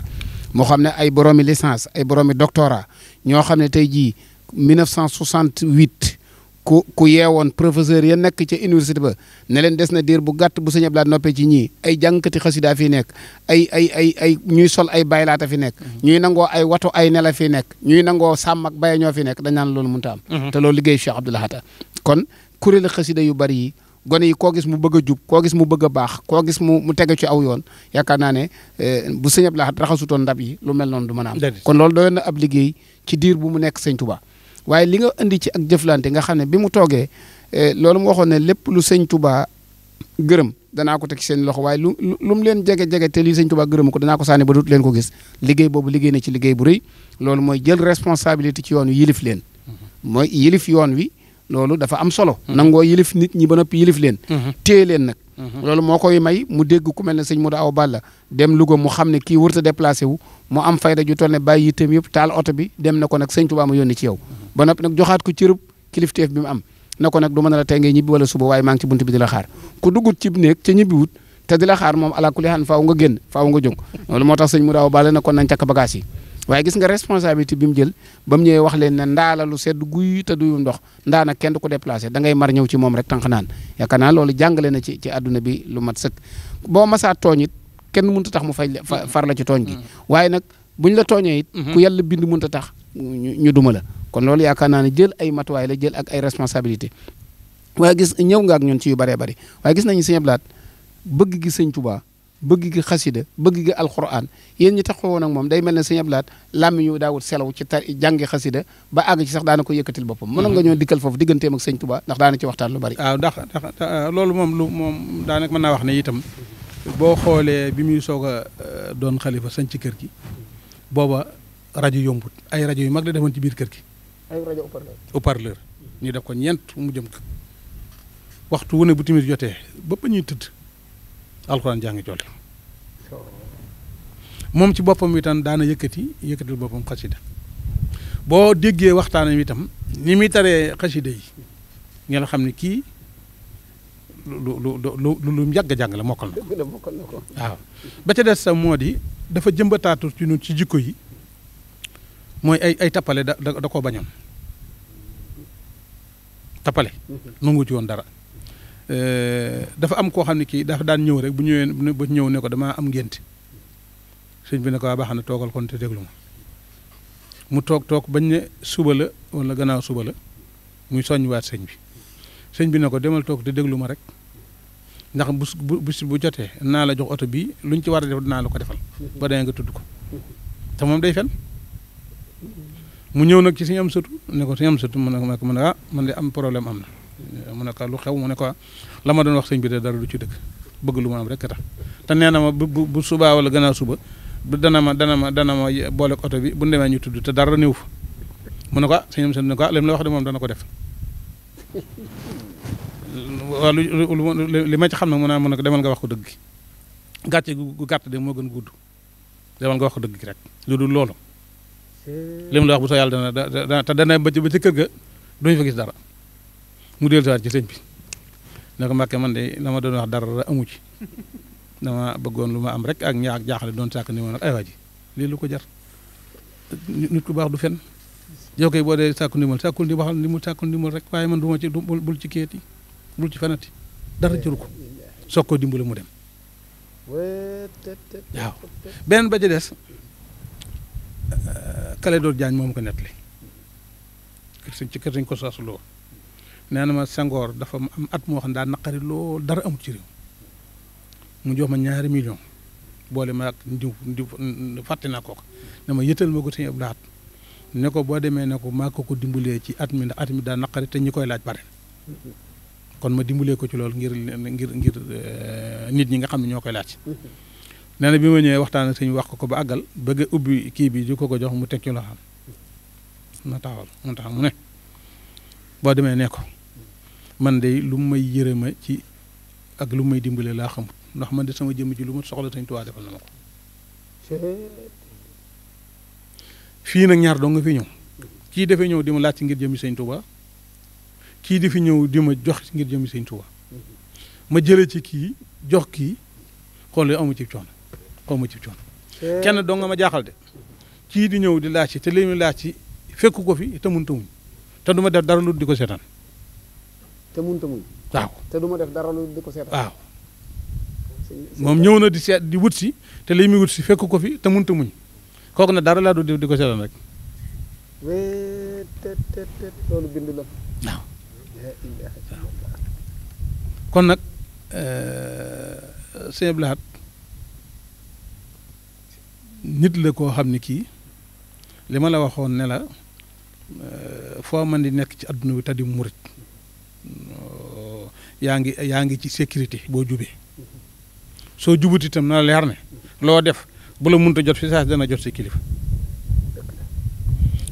moo xam ne ay boroomi licence ay boroomi doctorat ñoo xam ne tey jii 1968 ku ku yeewoon professeur ya nekk ci université ba ne leen des na diir bu gàtt bu sëñ Ablaye noppee ci ñii ay jànkati xasida fi nekk ay ay ay ay ñuy sol ay baylaata fi nekk. Mm-hmm. ñuy nangoo ay watu ay nela fi nekk. ñuy nangoo sàmm ak baye ñoo fi nekk dañ naan loolu mënta am. Mm-hmm. te loolu liggéey Cheikh Abdoul Ahad kon kuréelu xasida yu bari yi. gone yi koo gis mu bëgg a jub koo gis mu bëgg a baax ko gis mu mu tege ci aw yoon yaakaar naa ne eh, bu sëñ Abdou Lahad raxasutoon ndab yi lu mel noonu du mën a am kon loolu doyoon na ab liggéey ci diir bu mu nekk sëñ Touba waaye indi ci ak jëflante nga xam ne bi mu toogee eh, loolu mu waxoon ne lépp lu sëñ Touba gërëm danaa ko teg seen loxo waaye lu lu mu leen jege jege te lii sëñ Tuubaa gërëmu ko danaa ko sànni ba dut leen ko gis liggéey boobu liggéey na ci liggéey bu rëy loolu mooy jël responsabilité ci yoon wi yilif leen. Mhm. mooy yilif yoon wi loolu dafa am solo. nangoo yilif nit ñi ba noppi yilif leen. Mhm. téye leen nag. Mhm. loolu moo koy may mu dégg ku mel ne sëñ Modou Awa Balla dem Louga mu xam ne kii wër ta déplacé wu mu am fayda ju toll ne bàyyi yitteem yëpp taal oto bi dem na ko nag sëñ Touba mu yónni ci yow. Mhm. ba noppi nag joxaat ko cërëb kilifteef bi mu am na ko nag du mën a la tey ngay ñibbi wala suba waaye maa ngi ci buntu bi di la xaar ku duggut ci néeg ca ñibbiwut te di la xaar moom ala kulli nga génn faaw nga moo tax sëñ Modou Awa Balla na kon nañ càkk bagage yi waaye gis nga responsabilité bi mu jël ba mu ñëwee wax leen ne ndaala lu sedd guy te duyu ndox ndaa nag kenn du ko déplacé da ngay mar ñëw ci moom rek tànq naan yaakaar naa loolu jàngale na ci ci àdduna bi lu mat sag boo masaa tooñ it kenn mënut tax mu fay mm-hmm. far la ci tooñ bi mm-hmm. waaye nag buñ la tooñee it mm-hmm. ku yàlla bind mënut a tax ñu duma la kon loolu yaakaar naa ne jël ay matuwaay la jël ak ay responsabilité waaye gis ñëw nga ak ñun ci yu bëree bëri waaye gis nañu sëñ Ablaat bëgg gi sëñ Tuubaa bëgg gi xasida bëgg gi alquran yéen ñi taxawoon ak moom day mel ne sëñ Ablaat làmmiñu daawul selaw ci ta jàngi xasida ba àgg ci sax daana ko yëkkatil boppam mënoon nga mhm. ñoo dikkal foofu digganteem ak sëñ Tuba ndax daana ci waxtaan lu bari waaw ndax ndax loolu moom lu moom daanaka mën naa wax ne itam boo xoolee bi muy soog a euh, doon xalifa sañ ci kër gi booba rajo yombut ay rajo yu mag la defoon ci biir kër gi ay rajo haut-parleur ñu def ko ñeent mu jëm waxtu wu ne bu timit jotee bëpp ñuy tëdd alxuraan jaa ngi jolli moom ci boppam itam daana yëkkati yëkkatil boppam xasida boo déggee waxtaanam itam ni muy taree xasida yi ngeen xam ne kii lu lu lu lu yàgg a jàng la mokkal na ko waaw ba ca des sa moo di dafa jëmbataatu ci ñun ci jikko yi mooy ay ay tappale da da koo bañoon tappale mm-hmm. nangu ci woon dara Euh, dafa am koo xam ne kii dafa daan ñëw rek bu ñëwee ba ñëw ne damaa am ngénte sëñ bi ne ko waa baax na toogal kon te déglu mu toog toog bañ ne suba la wala gannaaw suba la muy soññiwaat sëñ bi sëñ bi ne ko demal toog te déglu ma rek ndax bu bu bu jotee naa la jox oto bii luñ ci war a def dinaa la ko defal ba dee nga tudd ko te moom day fen mu ñëw nag ci suñu am sëtu ne ko ñam am sëtu mu ne ko ah, man de am problème am na. mu na ko lu xew mu ne ko la ma doon wax sëñ bi de dara du ci dëkk bëgg lu ma am rek te nee na ma bu bu subaa wala a suba dana ma dana ma dana ma boole oto bi bu ñu demee ñu tudd te dara néew fa mu ne ko ah sëñ am sëñ ne ko ah, de moom dana ko li ma xam nag mu naa mu ne ko nga wax ko dëgg gi gu gàtt de moo gën gudd demal nga wax ko dëgg gi rek lu dul loolu. li mu la wax bu soo yàlla dana dana te dana ba ci kër ga duñu fa gis dara. mu dellusiwaat ci sëñ bi ne ko man de la ma doon wax dara amu ci dama bëggoon lu ma am rek ak ñaax jaaxle doon sàkk ni ma ay waa ji lu ko jar nit ku baax du fen yow boo dee sàkku ndimbal sàkkul di waxal ni mu sàkkul ndimbal rek waaye man du ma ci bul ci kéeti bul ci fana ti jëru ko soog koo dimbale mu dem waaw beneen ba ci des euh, kale doon jaañ moom ko nettali kër ci kër sañ ko sasuloo nee na ma Senghor dafa am at moo xam ne daa naqari lool dara amut ci réew mu jox ma ñaari million boole ma ak ndiw ndiw fàtte naa ko ne ma yëtal ma ko sëñ Abdou Lahat ne ko boo demee ne ko maa ko dimbalee ci at mi ndax at daa naqari te ñi koy laaj bare kon ma dimbalee ko ci loolu ngir ngir ngir eh, nit ñi nga xam ne ñoo koy laaj nee bi ma ñëwee waxtaan ak sëñ wax ko ko ba àggal bëgg ubbi kii bi di ko ko jox mu teg ci loo xam na taxawal mu ne boo demee ne ko man de lu may yére ma ci ak lu may dimbale laa xamut ndax man de sama jëmm ji lu ma soxla Sëñ Tuubaa defal na ma ko fii nag ñaar doo nga fi ñëw kii dafay ñëw di ma laaj ci ngir jëmmi Sëñ Tuubaa kii di fi ñëw di ma jox ngir jëmmi Sëñ Tuubaa ma jële ci kii jox kii xool amu ci coono amu ci coono kenn doo nga ma jaaxal de kii di ñëw di laaj ci te li mu laaj ci fekk ko fi te mun te duma def dara lu di ko seetaan te mënut a waaw te du ma def dara lu ko seetal moom ñëw na di seet di wut si te lii muy wut si fekk ko fi te mënut a muñ kooku na dara laa du di ko seetal rek te te te nag eh, sëñ nit la koo xam ne kii li ma la waxoon nela la eh, foo mën di nekk ci àdduna wi te di murit Euh, yaa ngi yaa ngi ci sécurité boo jubee soo jubuti itam na leer ne loo def bu la mënta jot fi saas dana jot si kilifa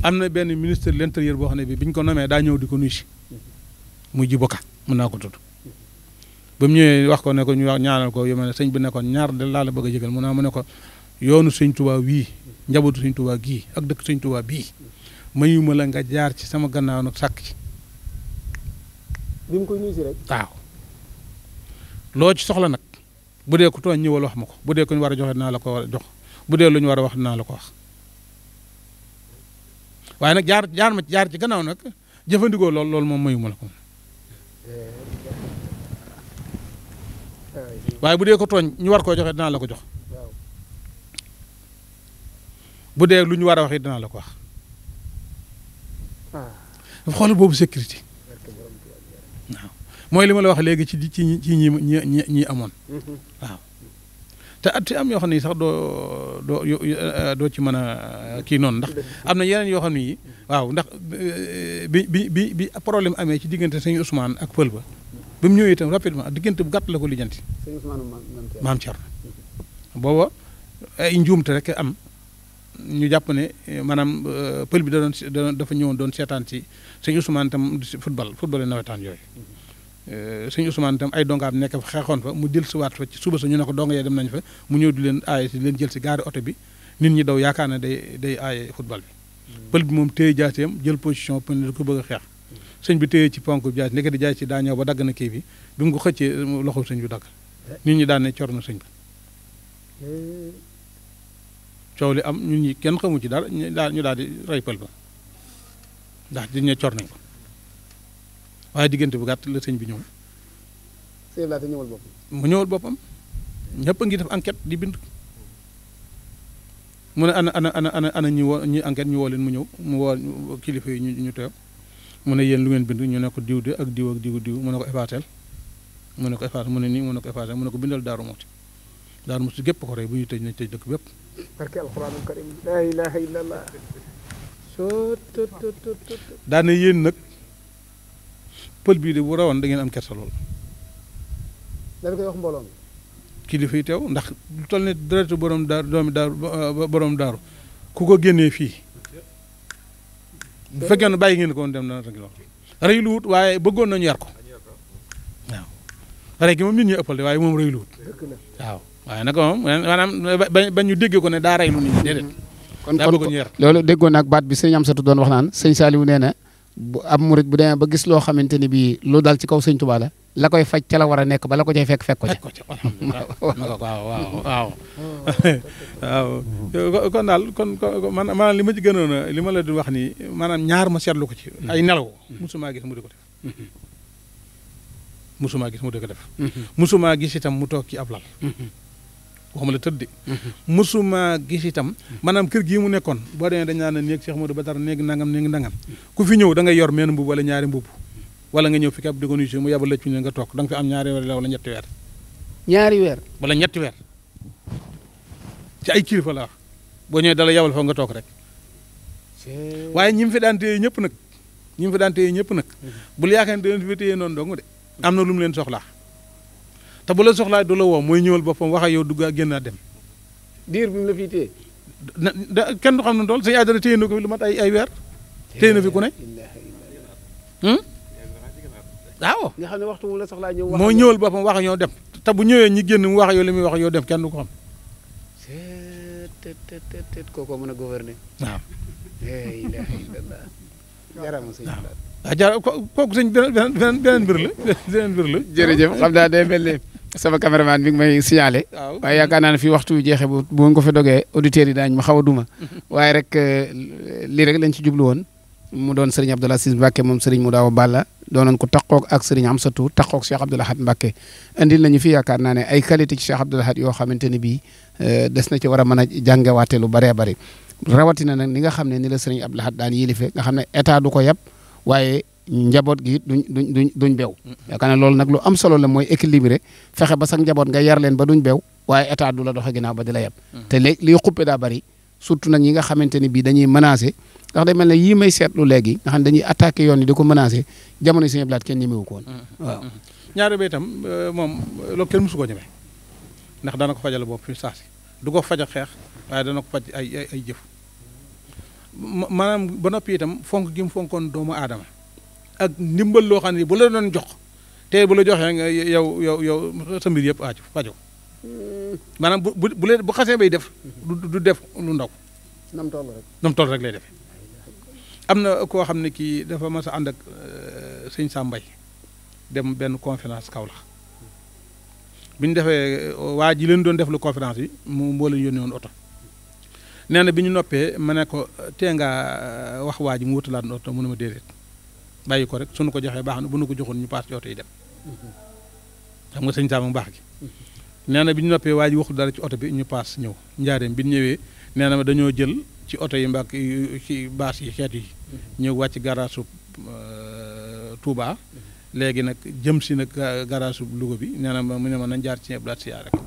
am na benn ministre de boo xam ne bi biñ ko nomee daa ñëw di ko nuyu si muy ji bokka mën naa ko tudd ba mu ñëwee wax ko ne ko ñu wax ñaanal ko yu mel ne sëñ bi ne ñaar de laa la a jëgal mu naa mu ne yoonu sëñ Tuubaa wii njabootu sëñ Tuubaa gii ak dëkk sëñ Tuubaa bii ma la nga jaar ci sama gannaaw nag sàkk ci bi mu koy waaw loo ci soxla nag bu dee ku tooñ ñëwal wax ma ko bu dee ko ñu war a joxe dinaa la ko jox bu dee lu ñu war a wax dinaa la ko wax waaye nag jaar jaar ma jaar ci gannaaw nag jëfandikoo lool loolu moom mayuma la ko waaye bu dee ko tooñ ñu war koo joxe dinaa la ko jox bu dee lu ñu war a wax it dinaa la ko wax. Ah. xoolal boobu sécurité. mooy li ma la wax léegi ci ci ñi ci ñi ñi ñi amoon waaw te at am yoo xam ne sax doo doo eh, ci mën a eh, kii noonu ndax am na yeneen yoo xam ne yi waaw ndax eh, bi bi bi bi problème amee ci diggante sëñ Ousmane ak pël ba mu ñëwee itam rapidement diggante bu gàtt ko lijjanti. sëñ Ousmane ay njuumte rek am ñu jàpp ne maanaam pël bi da doon dafa ñëwoon doon seetaan ci sëñ Ousmane itam football football nawetaan yooyu. Mhm. Euh, sëñ Ousmane itam ay dongaam nekk fa xeexoon fa mu jël si waat fa ci suba sa ñu ne ko donga yee dem nañ fa mu ñëw di leen aaye si leen jël si gaari oto bi nit ñi daw yaakaar day day aaye football bi hmm. bi moom téye jaaseem jël position pour ne bëgg xeex hmm. sëñ bi téye ci ponk bi jaay nekk jaay si daa ba dagg na kii bi bi mu ko xëccee eh, loxo sëñ bi dagg eh. nit ñi daan ne cor na sëñ bi eh. coow li am ñun ñi kenn xamu ci dara ñu daal ñu daal di rey pël ba ndax diñ ne cor nañ ko waaye diggante bu gàtt la sëñ bi ñëw. sëñ boppam. mu ñëwal boppam ñëpp a ngi def enquête di bind. mu ne ana ana ana ana ana ñi woo ñi enquête ñu woo leen mu ñëw mu woo kilifa yi ñu ñu teew mu ne yéen lu ngeen bind ñu nekk diw de ak diw ak diw diw mu ne ko effaateel mu ne ko effaateel mu ne nii mu ne ko effaateel mun ne ko bindal Daaru Muxti Daaru Muxti gépp ko rey bu ñu tëj nañ tëj dëkk bépp. barke alxuraanul karim pël bii de bu rawoon da ngeen am kersa lool. dañ koy kilifa yi teew ndax lu toll ne dërët borom daaru doomi daaru borom daaru ku ko génnee fii bu fekkee ne bàyyi ngeen ko woon dem na rek lool rëy wut waaye bëggoon nañu yar ko waaw rëy moom nit ñi ëppal de waaye moom rëy lu wut waaw waaye nag moom maanaam ba ñu déggee ko ne daa rey lu nit ñi déedéet. daa bëgg ñu loolu déggoon nag baat bi sëñ Amsatou doon wax naan sëñ Saliou nee na. bu ab murit bu demee ba gis loo xamante ni bii lu daal ci kaw sëñtu Tuubaa la la koy faj ca la war a nekk ba la ko cay fekk fekk ko ca. waaw waaw waaw kon daal kon man maanaam li ma ci gënoon li ma la di wax nii maanaam ñaar ma seetlu ko ci. Mm-hmm. ay nelaw maa gis mu di ko def. musuma gis mu di ko def. Mm-hmm. Mm-hmm. gis itam mu toog ci ab lal. wax ma la tëdd. Mhm. mësuma gis itam. maanaam kër gii mu nekkoon boo demee dañ naan seex Cheikh Modou Batar néeg nangam néeg nangam ku fi ñëw da ngay yor meen mbubb wala ñaari mbubb wala nga ñëw fi kap di ko nuyu mu yabal la ci ne nga toog da nga fi am ñaari weer la ñetti weer. ñaari weer wala ñetti weer ci ay kilifa la boo ñëwee dala yabal fa nga toog rek. waaye ñi mu fi daan téye ñëpp nag ñi mu fi daan téye ñëpp nag. Mhm. bul yaakaar ne dinañ fi noonu dong de am na lu mu leen soxlaa. te bu la soxlaa du la mooy ñëwal boppam wax ak yow dugg a génn a dem. diir bi mu la fiy téye. da kenn du xam ne dool suñu aadara téye na ko fi lu mat ay ay weer. téye na fi ku ne. Hmm? waaw. nga xam ne waxtu ñëwal boppam wax yow dem te bu ñëwee ñi génn mu wax ak yow li muy wax yow dem kenn du ko xam. tet tet tet tet kookoo mën a gouverner. kooku sëñ beneen beneen beneen mbir la beneen xam naa day mel sama caméraman mi ngi may signalé. waaye yaakaar naa ne fii waxtu jeexee bu bu ko fa dogee auditeurs yi daañu ma xaw a duma. waaye rek euh, lii rek lañ ci jublu woon. mu doon Serigne Abdoul Aziz Mbacke moom seriñ Serigne Moudaaw Balla doonoon ko taqoog ak am Amsatou taqoog Cheikh Abdoul Ahad Mbacke indil nañu fi yaakaar naa ne ay qualité ci Cheikh Abdoul yoo xamante ne bii euh, des na ci war a mën a jàngewaate lu bëree bëri rawatina nag ni nga xam ne ni la Serigne Abdoul Ahad daan yilife nga xam ne état ko yab njaboot gi duñ duñ duñ duñ bew yaakaar loolu nag lu am solo la mooy équilibré fexe ba sax njaboot nga yar leen ba duñ bew waaye état du la doxe ginnaaw ba di la yeb mm. te léegi liy xuppe daa bari surtout nag ñi nga xamante ni bii dañuy menacé ndax day mel ne yii may seetlu léegi nga dañuy attaqué yoon yi di ko menacé jamono Sëñ Abdou Lahad kenn ñemewu ko woon mm-hmm. waaw mm-hmm. ñaari euh, moom loolu kenn mosu ndax dana ko fajal bopp fi saasi du ko faj a xeex waaye dana ko faj ay ay jëf maanaam ba noppi itam fonk gi mu fonkoon doomu aadama ak ndimbal loo xam ne bu la doon jox tey bu la joxee nga yow yow yow sa mbir yëpp aaju fajo mm. maanaam bu bu bu xasee bay def du def lu ndaw. nam toll rek lay defe am na koo xam ne kii dafa mas a ànd ak euh, sëñ Sambay dem benn conférence Kaolack bu ñu defee euh, waa ji leen doon def lu conférence bi mu moo leen yónnee woon oto nee na bi ñu noppee ma ne ko tee ngaa euh, wax waa ji mu wutalaat oto mu ne ma déedéet. bàyyi ko rek nu ko joxee baax na bu nu ko joxoon ñu paas oto yi dem xam nga sëñ mu baax gi nee na bi ñu noppee waa ji waxul dara ci oto bi ñu paas ñëw njaareem bi ñu ñëwee nee na ma dañoo jël ci oto yi mbak ci baas yi xeet yi ñëw wàcc garaasu euh, Touba léegi nag jëm si nag garaasu Louga bi nee na ma mu ne ma nañ jaar ci ñëpp daal siyaare ko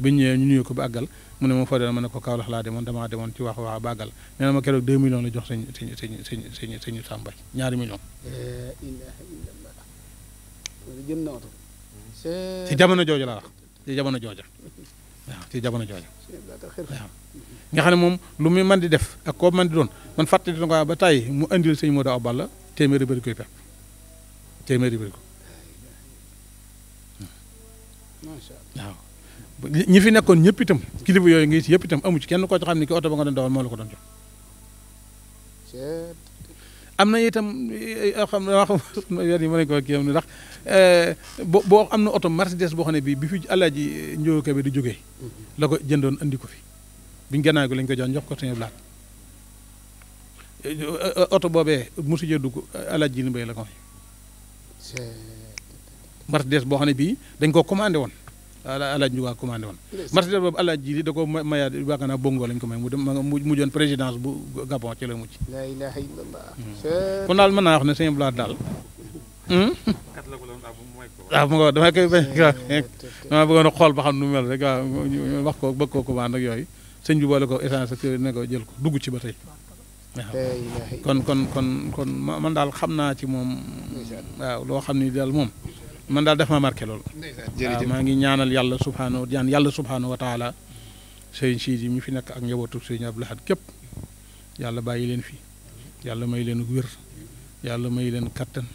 bi ñu ñëwee ñu nuyu ko ba àggal mu ne ma foo demoon ma ne ko Kaolack laa demoon damaa demoon ci wax waa Bagal nee na ma keroog 2 millions la jox sëñ sëñ sëñ ñaari millions. ci jamono jooja jamono jooja waaw ci jamono jooja waaw. nga xam ne moom lu muy mën di def ak koo mën di doon man fàttali na ko ba tey mu indil sëñ Modou Awa Balla téeméeri bëri koy pepp téeméeri bëri ko ñi fi nekkoon ñëpp itam kilifa yooyu ngi si yëpp itam amu ci kenn koo ci xam ne ki oto ko doon jox. na itam yoo eh, xam ne wax yi mën nañu ko kii eh, am ndax na oto Mercedes boo xam ne bii bi fi Alaaji Njóogu di jógee. la ko jëndoon andi ko fi biñ gannaaw lañ ko jox jox ko suñu blaat eh, oto boobee mosu jee dugg Alaaji Jili Mbay la ko. Mercedes boo xam ne bii dañ ko commandé woon. alaaji Ndiouga commandé woon marché boobu alaaji ji li da ko mayaa yaakaar naa bongo lañ ko may mu dem mujjoon présidence bu Gabon ci la mujj la ilaha illallah hmm. kon daal mën naa wax ne Sëñ Blaat daal waaw hmm? ah, mu nga damay koy bañ dama bëggoon a xool ba xam nu mel rek waaw wax ko bëgg ko commande ak yooyu sëñ bi boole ko essence ak ne ko jël ko dugg ci ba tey waaw kon kon kon kon man daal xam naa ci moom waaw loo xam ni daal moom man daal def ma marqué lool. waaw maa ngi ñaanal yàlla subhaanahu ñaan yàlla subhaanahu wa taala sëriñ Sidi mi fi nekk ak njabootu sëriñ Abdou laxat képp yàlla bàyyi leen fii yàlla may leen wér yàlla may leen kattan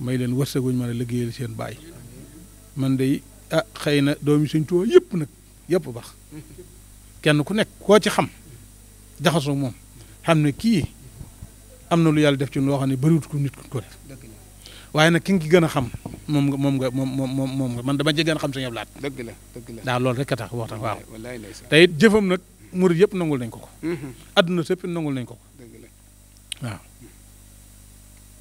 may leen wërsëguñ mën a liggéeyal seen baay man de ah xëy na doomi Sëriñ Tuubaa yëpp nag yépp baax kenn ku nekk koo ci xam jaxasoo moom xam ne kii am na lu yàlla def ci loo xam ne bëriwut ko nit ko def waaye nag ki nga gën a xam moom nga moom nga moom moom moom nga man dama ci gën a xam Sëñ Abdou Lahad. la dëgg la daal loolu rek a tax wax tax waaw. te it jëfam nag murid yëpp nangul nañ ko ko. Mm-hmm. adduna sëpp nangul nañ ko ko. dëgg la waaw.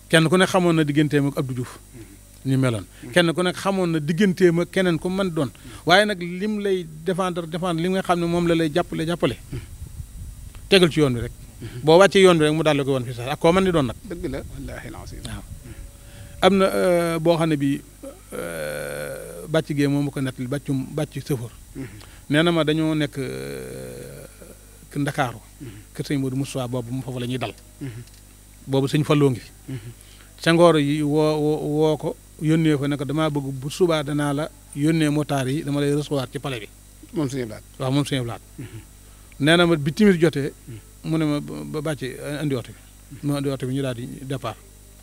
kenn ku ne xamoon na digganteem ak Abdou Diouf. ñu mm-hmm. meloon mm-hmm. kenn ku nekk xamoon na digganteem ak keneen ku man doon waaye nag lim lay defender défendre li nga xam ne moom la lay jàppale jàppale tegal ci yoon bi rek boo wàccee yoon bi rek mu daal la koy woon fi sax ak koo mën di doon nag dëgg la wallaahi waaw am na euh, boo xam ne bi euh, bàcc gee moom ma ko nettali bàccum bàcc sëfër. Mm-hmm. na ma dañoo nekk euh, kër Ndakaaru. Mm-hmm. kër sëñ Modou Moussa boobu mu foofu la ñuy dal. Mm-hmm. boobu sëñ Fallou ngi. sangoor yi woo woo ko yónnee ko ne damaa bëgg bu subaa danaa la yónnee motaar yi dama lay recevoir ci palais bi. moom sëñ Blaat waaw moom sëñ Blaat. nee na ma bi jotee. mu ne ma ba bàcc andi bi. mu andi bi ñu daal di départ.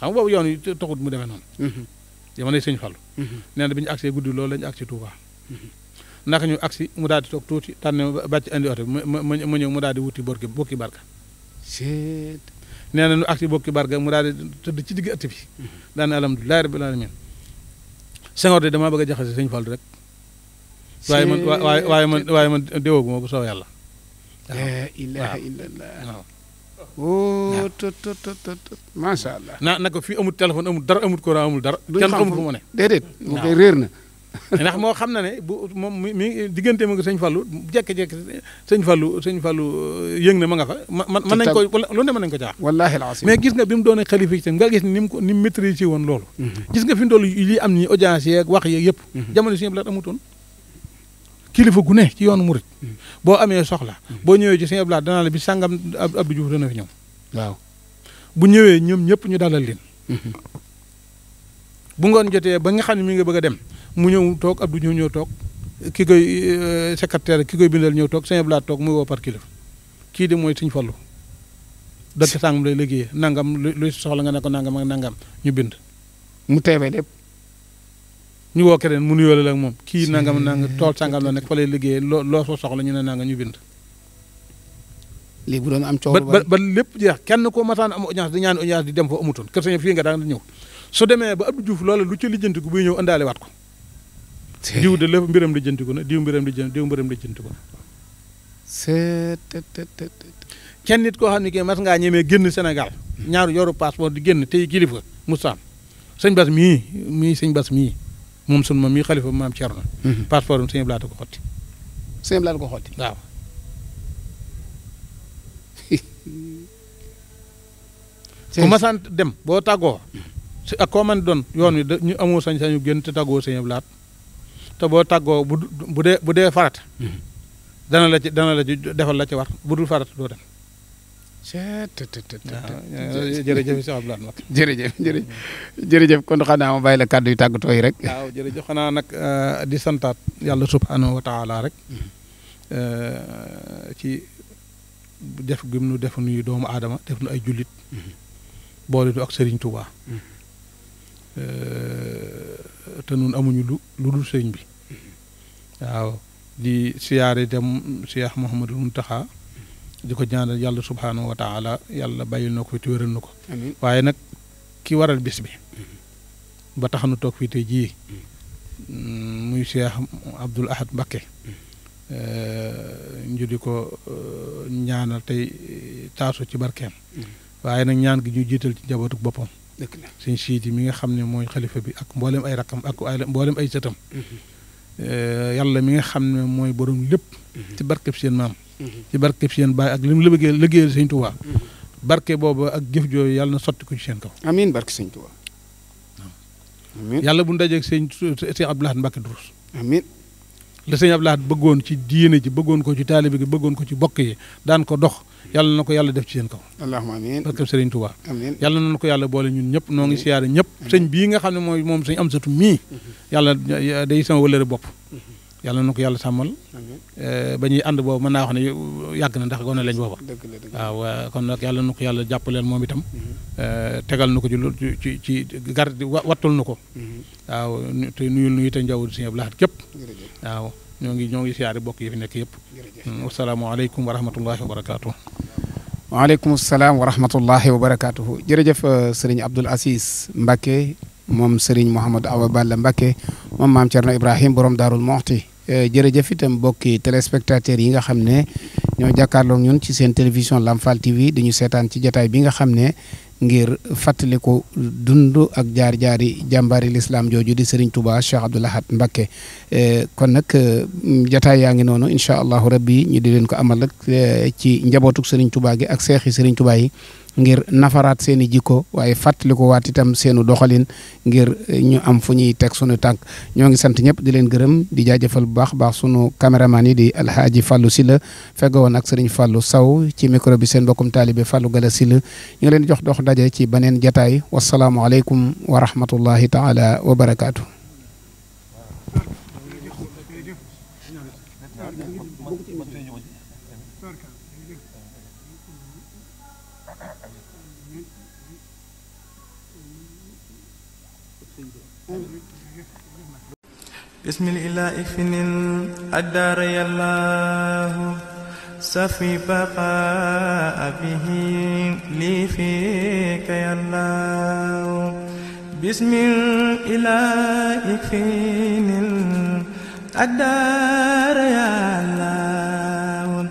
xam boobu yoon yi taxut mu demee noonu. Mhm. jamonoy sëñ Fallu. Mhm. nee na bi ñu agsee guddi loolu la ñu agsi Touba. Mhm. naka ñu agsi mu daal di toog tuuti tànn bàcc oto ma ma ma ñëw mu daal di wuti borki bokki barka. nee na ñu agsi bokki barka mu daal di tëdd ci digg ëtt bi. daan na alhamdulilah rabbil alamin Senghor de damaa bëgg a jaxase sëñ Fallu rek. waaye man waaye man waaye man déwoogu ma bu soow yàlla. la ilaha illallah waaw wóo tot tot tot tot macha allah. na naka fii amul téléphone amul dara amul courant amul dara. kenn amul fu mu ne déedéet. mu koy réer na. ndax moo xam na ne bu moom mi diggante ma nga sëñ Fallou jékki-jékki sëñ Fallou sëñ Fallou euh, yëng na ma nga fa. man mën nañ ko lu ne mën nañ ko jaax wallaahi alasim gis nga bi mu doonee xalifa itam nga ni mu ko ni mu maîtrisé woon loolu. Mm-hmm. gis nga fi mu toll lii am nii audience yeeg wax yeeg yëpp. Mm-hmm. jamono si yëpp la amutoon. kilifa gu ne ci yoonu murit mm. boo amee soxla mm. boo ñëwee ci sëñ Abdou Lahad la bi sàngam Abdou Diouf dana fi ñëw waaw bu ñëwee ñoom ñëpp ñu dalal leen mm-hmm. bu ngoon jotee ba nga xam ne mi nga bëgg a dem mu ñëw toog Abdou Diouf ñëw toog ki koy euh, secrétaire ki koy bindal ñëw toog sëñ Abdou Lahad toog muy woo par kilifa kii de mooy sëñ Fallu dëkk sàngam lay nangam luy soxla nga ne nangam ak nangam ñu bind mu teewee lépp ñu woo keneen mu nuyoo ak moom kii nangam nanga tool sangam la nekk fa lay liggéeyee loo loo soo soxla ñu ne nanga ñu bind. léegi bu doon am coow ba ba lépp jeex kenn ko mataan am audience di ñaan audience di dem fa amutoon kër sañ fii nga daan ñëw su demee ba Abdou lu ca lijjantiku buy ñëw ëndaale waat ko. diw de lépp mbiram lijjantiku na diw mbiram lijjantiku diw mbiram lijjantiku na. c'est kenn nit koo xam ne kii mas ngaa ñemee génn Sénégal ñaaru yoru passeport di génn tey kilifa Moussa sëñ Bas mii mii sëñ Bas mii moom sunu ma mii xalifa maam Thierno. Mhm. passeport am sëñ Blaata ko xotti. sëñ Blaata ko xotti waaw. ku ma sant dem boo taggoo si ak doon yoon wi ñu amoo sañ-sañu génn te tàggoo sëñ Blaat te boo tàggoo bu bu dee bu dee farata. Mhm. dana la ci dana la ci defal la ci war bu dul farata doo dem. jërëjëf Cheikh Abdoulaye Mbacke jërëjëf jërëjëf kon xanaa ma kàddu yu tàggatoo yi rek waaw jërëjëf xanaa nag euh, di santaat yàlla subhaanahu wa rek mm-hmm. euh, ci def gim nu def nuyu doomu aadama def nu ay jullit mm-hmm. boole du ak Serigne Touba mm-hmm. euh, te nun amuñu lu lu dul sëriñ bi waaw di siyaare dem Cheikh Mouhamadou Mountakha di ko ñaanal yàlla subhaanahu wa taala yàlla bàyyil na ko fi te wéral na ko waaye nag ki waral bis bi ba tax nu toog fii jii mm, muy Cheikh Abdoul Ahad Mbacké eh, ñu di ko eh, ñaanal tey eh, taasu ci barkeem waaye nag ñaan gi ñu jiital ci njabootu boppam sëñ siidi mi nga xam ne mooy xalifa bi ak mboolem ay rakkam ak mboolem ay sëtam mm-hmm. yàlla mi nga xam ne mooy borom lépp mm-hmm. ci barkeb seen maam Mm-hmm. ci barkeb seen baay ak li mu liggéeyal liggéeyal sëñ Tuubaa mm-hmm. barke boobu ak jëf jooyu yàlla na sotti ko ci seen kaw amiin barke sëñ Tuubaa yàlla bu ñu dajeeg sëñ sëñ Abdou Lahad Mbacké Durus amiin la sëñ bëggoon ci diine ji bëggoon ko ci taalibe gi bëggoon ko ci bokk yi daan ko dox yàlla na ko yàlla def ci seen kaw allahumma amiin parce que sëriñ Touba amiin yàlla na ko yàlla boole ñun ñëpp noo ngi siyaare ñëpp sëñ bii nga xam ne mooy moom sëñ Amsatu mii mm-hmm. yàlla day sama wëlëre bopp yàlla na ko yàlla sàmmal eh, bañuy ñuy ànd boobu mën naa wax ne yàgg na ndax gone lañ booba waaw kon nag yàlla na ko yàlla jàppaleel moom itam eh, tegal nu ko ci ci ci gar wattul na ko waaw te nuyul nuyu te njaww Sëñ Abdou Lahad képp waaw ñoo ngi ñoo ngi siyaare bokk yi fi nekk yëpp mm, wasalaamaaleykum wa rahmatullahi wa barakaatu waaleykum salaam wa rahmatullahi wa barakaatu jërëjëf eh, sëriñ Abdoul Aziz moom sëriñ Mouhamadou Awa Balla Mbacke moom maam Thierno Ibrahim borom Daarul Moxti Eh, jërëjëf itam mbokki téléspectateurs yi nga xam ne ñoo jàkkaarloog ñun ci seen télévision Lamfal TV dañu seetaan ci jataay bi nga xam ne ngir ko dund ak jaari jaari jàmbaari lislaam jooju di Serigne Touba Cheikh Abdoul Ahad Mbacké eh, kon nag eh, jataay yaa ngi noonu incha allahu rabbi ñu di leen ko amal ak ci njabootuk Serigne Touba gi ak seexi Serigne Touba yi. ngir nafaraat seeni jikko waaye fàttaliku waat itam seenu doxalin ngir ñu am fu ñuy teg sunu tànk ñoo ngi sant ñëpp di leen gërëm di jaajëfal bu baax baax sunu caméraman yi di alhaaji Fallou Silla feggoon ak sëriñ Fallou saw ci micro bi seen bokkum taalibe falu Gala Silla ñu ngi leen jox dox daje ci beneen jataay wasalaamualeykum wa rahmatullahi taala wa barakaatu. بسم الإلائفن الأدار يالله سفي بقاء به لي فيك يالله بسم الإلائفن الأدار يالله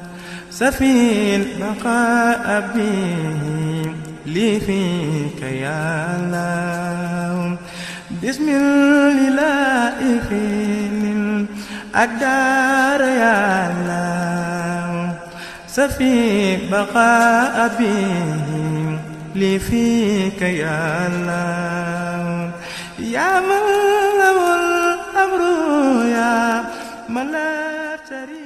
سفي بقاء به لي فيك يالله bismillahi finin akdar yana safi baqa abihim li fika yana ya man lahu al-amru ya man la tari